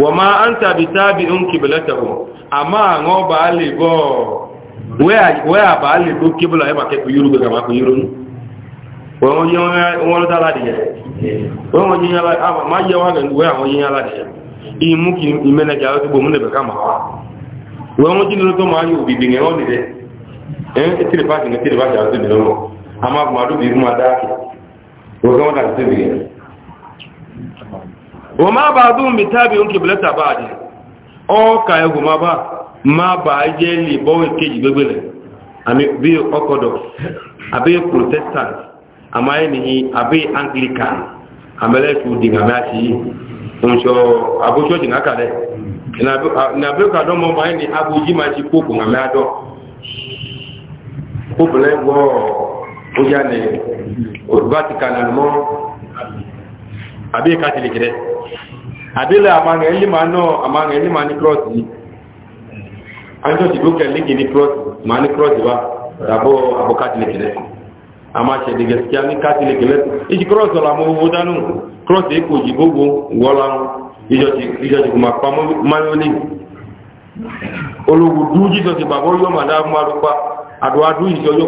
wọ́má áńtà bí tábí ń kìbìlẹ́tẹ̀wọ̀ àmá àwọn ọba lè gọ́ wẹ́ àbá lè gó kíbìlà ẹ̀mà kẹ́kọ̀ọ́ yúrú gbẹ̀gbẹ̀ ti tó máa yóò bìbì ẹ̀wọ́n lè rẹ̀ ẹ̀ tìrì pàtì ní tìrì pàtì àti ìbìlẹ̀ wọn a máa gbọ́n àdúgbì fún adáàkì wọ́n wa ma ba dun bi tabi'un qiblata ba'di o ka egu ma ba ma ba je li bo keji gbegbele ami bi okodo abi protestant amaye ni abi anglican amele tu dinga ma ti onso abu na na be ka ni abu ji ma ti popo nga ma do popo le abi catholic àdílẹ̀ àmàrìn ẹlìmà náà àmàrìn ẹlìmà ní kírọ́sì yìí anjọ́sì lókè lígì ní kírọ́sì ma ní kírọ́sì wá tàbọ̀ àbọ̀ kátìlẹ̀kì rẹ̀ a máa ṣẹ̀dẹ̀ gẹ̀ẹ́sìkíá ní kátìlẹ̀kì rẹ̀ ìṣì kírọ́sì ọ̀la mo wo dánú kírọ́sì èkó jì gbogbo wọ́lá ìjọ́sì kùmà pa mayoni ológun dú jíjọ́sì bàbọ̀ yọ màdá márùpa àdúrádú ìṣọ́jọ́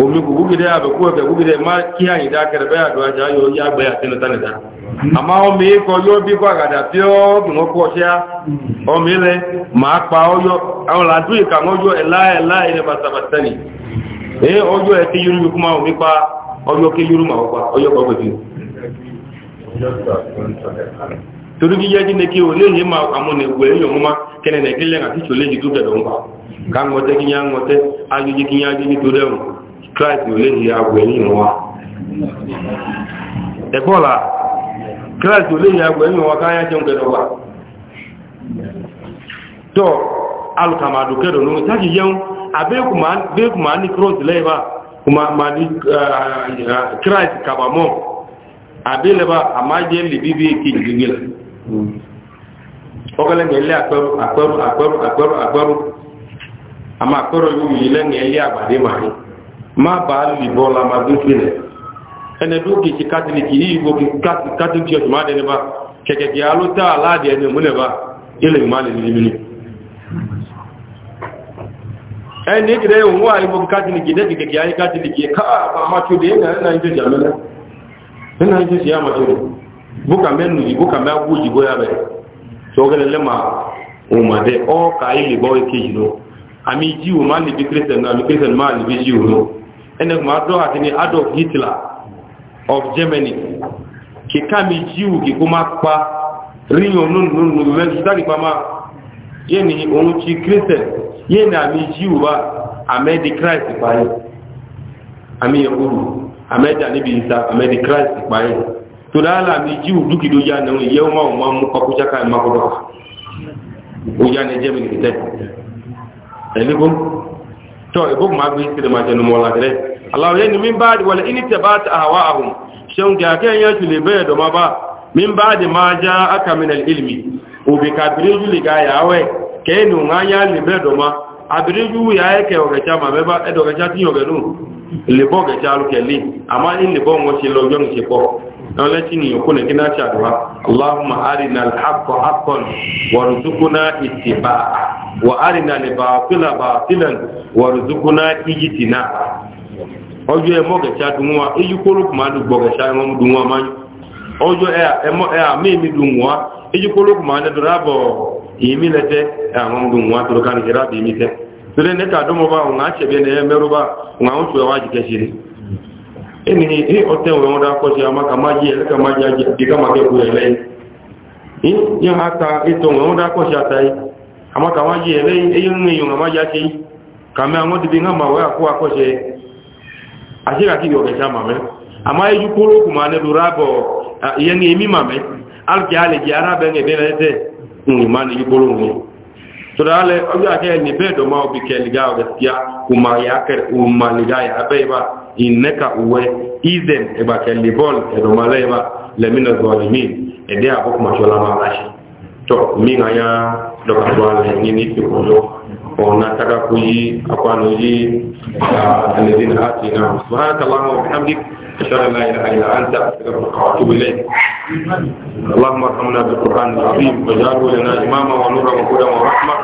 omi ma gúgidé àbẹ̀kú ẹ̀fẹ̀ gúgidé má kí àyìn dákẹrẹ ya àdó agba yóò yá gbé àtẹnu tánidá àmá ọmọ ikọ̀ yóò bí kọ́ àgàdà tí ó kì wọ́n kọ́ ṣíá ọmọ ilẹ̀ máa pa ọyọ́ àwọn làdú e, e omi pa ọjọ́ kí yorùbá ọpa ọjọ́ kọ́ pẹ̀lú torí kí yẹ́jú ní kí o lè yé ma àmúnà ìwẹ̀ èèyàn mọ́ kẹ́nẹ̀ẹ́kẹ́lẹ́ àti ìṣòlẹ́jì tó bẹ̀rẹ̀ wọn kà ń wọ́tẹ́ kí yá ń wọ́tẹ́ ayójí kí yá ayójí tó christ oléyìí agbo ẹ̀yìn wa ẹ̀kọ́lá christ oléyìí agbo ẹ̀yìn wa káyá jẹun kẹdọ̀wà tọ́ alùkàmàdù kẹdọ̀ lóhun sáàkì yẹun abẹ́kùnmá ní cross lẹ́yìnbá ma ní christ kàbàmọ́ abẹ́lẹ́bá àmájẹ́ lè bíbí kejì gbígbé la ọkọlẹ́gbẹ̀ẹ́ lé àpẹrù àpẹrù àpẹrù àpẹrù àpẹrù àmà àpẹrù yóò yí lẹ́yìn àgbàdé màá ma ba li bola ma du file ene du ki catholic yi go ki catholic church ma de ba keke ki alu ta ala de ne mu ne ba ile ma le ni mini ene ki de wa yi go catholic de ki ki ayi catholic ka ba ma chu de na na nje jalo na na nje ya ma chu buka menu yi buka ma wu ji ya be so gele le ma o ma de o ka ile bo ki no ami ji o ma ni bi christian na mi christian ma ni bi ji o ene kuma ado akini adolf hitler of germany kika mi jiwu ki kuma pa riyan nunu mẹsu tari pama yẹ ni ohun ti christian yẹ ami jiwu ba amẹdi christ paye ami yahudu amẹdi anibi isa amẹdi christ paye tora ala ami jiwu dukido ya na yẹ ọma ọma mu pakuta ka ẹ makodo o ya ni germany kitẹ ẹni ko. to ibu ma bi sire ma jenu mola dere allah ya ni min ba'di wala in tabata ahwa'ahum ga kan ya tule bai da ma ba min ba'di ma ja aka min al-ilmi u bi ga yawe ke nu nga ya ma ju ke o ga ba e do ga nu ama le bo lo نولتي ني يكون كنا تشادوا اللهم أرنا الحق حقا وارزقنا اتباعه وأرنا الباطل باطلا وارزقنا ojo e moge cha dunwa eyu ọjọọ kuma du boge cha ngom dunwa man ojo e e mo e a me mi dunwa kuma ne drabo imi lete e ngom dunwa bi mi te ne ka do mo ba ne chwe wa shiri emini he ọtẹ wọn wọn a sí àmà kàmá jẹ ẹlẹ kàmá jẹ ajẹ bí kàmá kẹ kú ẹlẹ yìí yẹn ata ètò wọn wọn dákọ sí ata ya àmà kàmá jẹ ẹlẹ yìí eyín nínú ìyọ̀n àmà jẹ àti yìí kàmẹ àwọn dìbí yi màwé àkó àkọsẹ àṣírakì yọ kẹsà màmẹ àmà ẹjú turale oga ke ni be do ma obi ke liga gaskiya kuma ya kar umma liga ya bai ba innaka uwe izen e ba ke libol e do male ba le min zalimin e de abu kuma shola ma rashi to min aya do ka tuale ni ni ki ko ona taka kuyi akwano yi alladhina atina subhanallahi wa bihamdihi أشهد أن لا إله إلا أنت أستغفرك وأتوب إليك اللهم ارحمنا بالقرآن العظيم واجعله لنا إماما ونورا وهدى ورحمة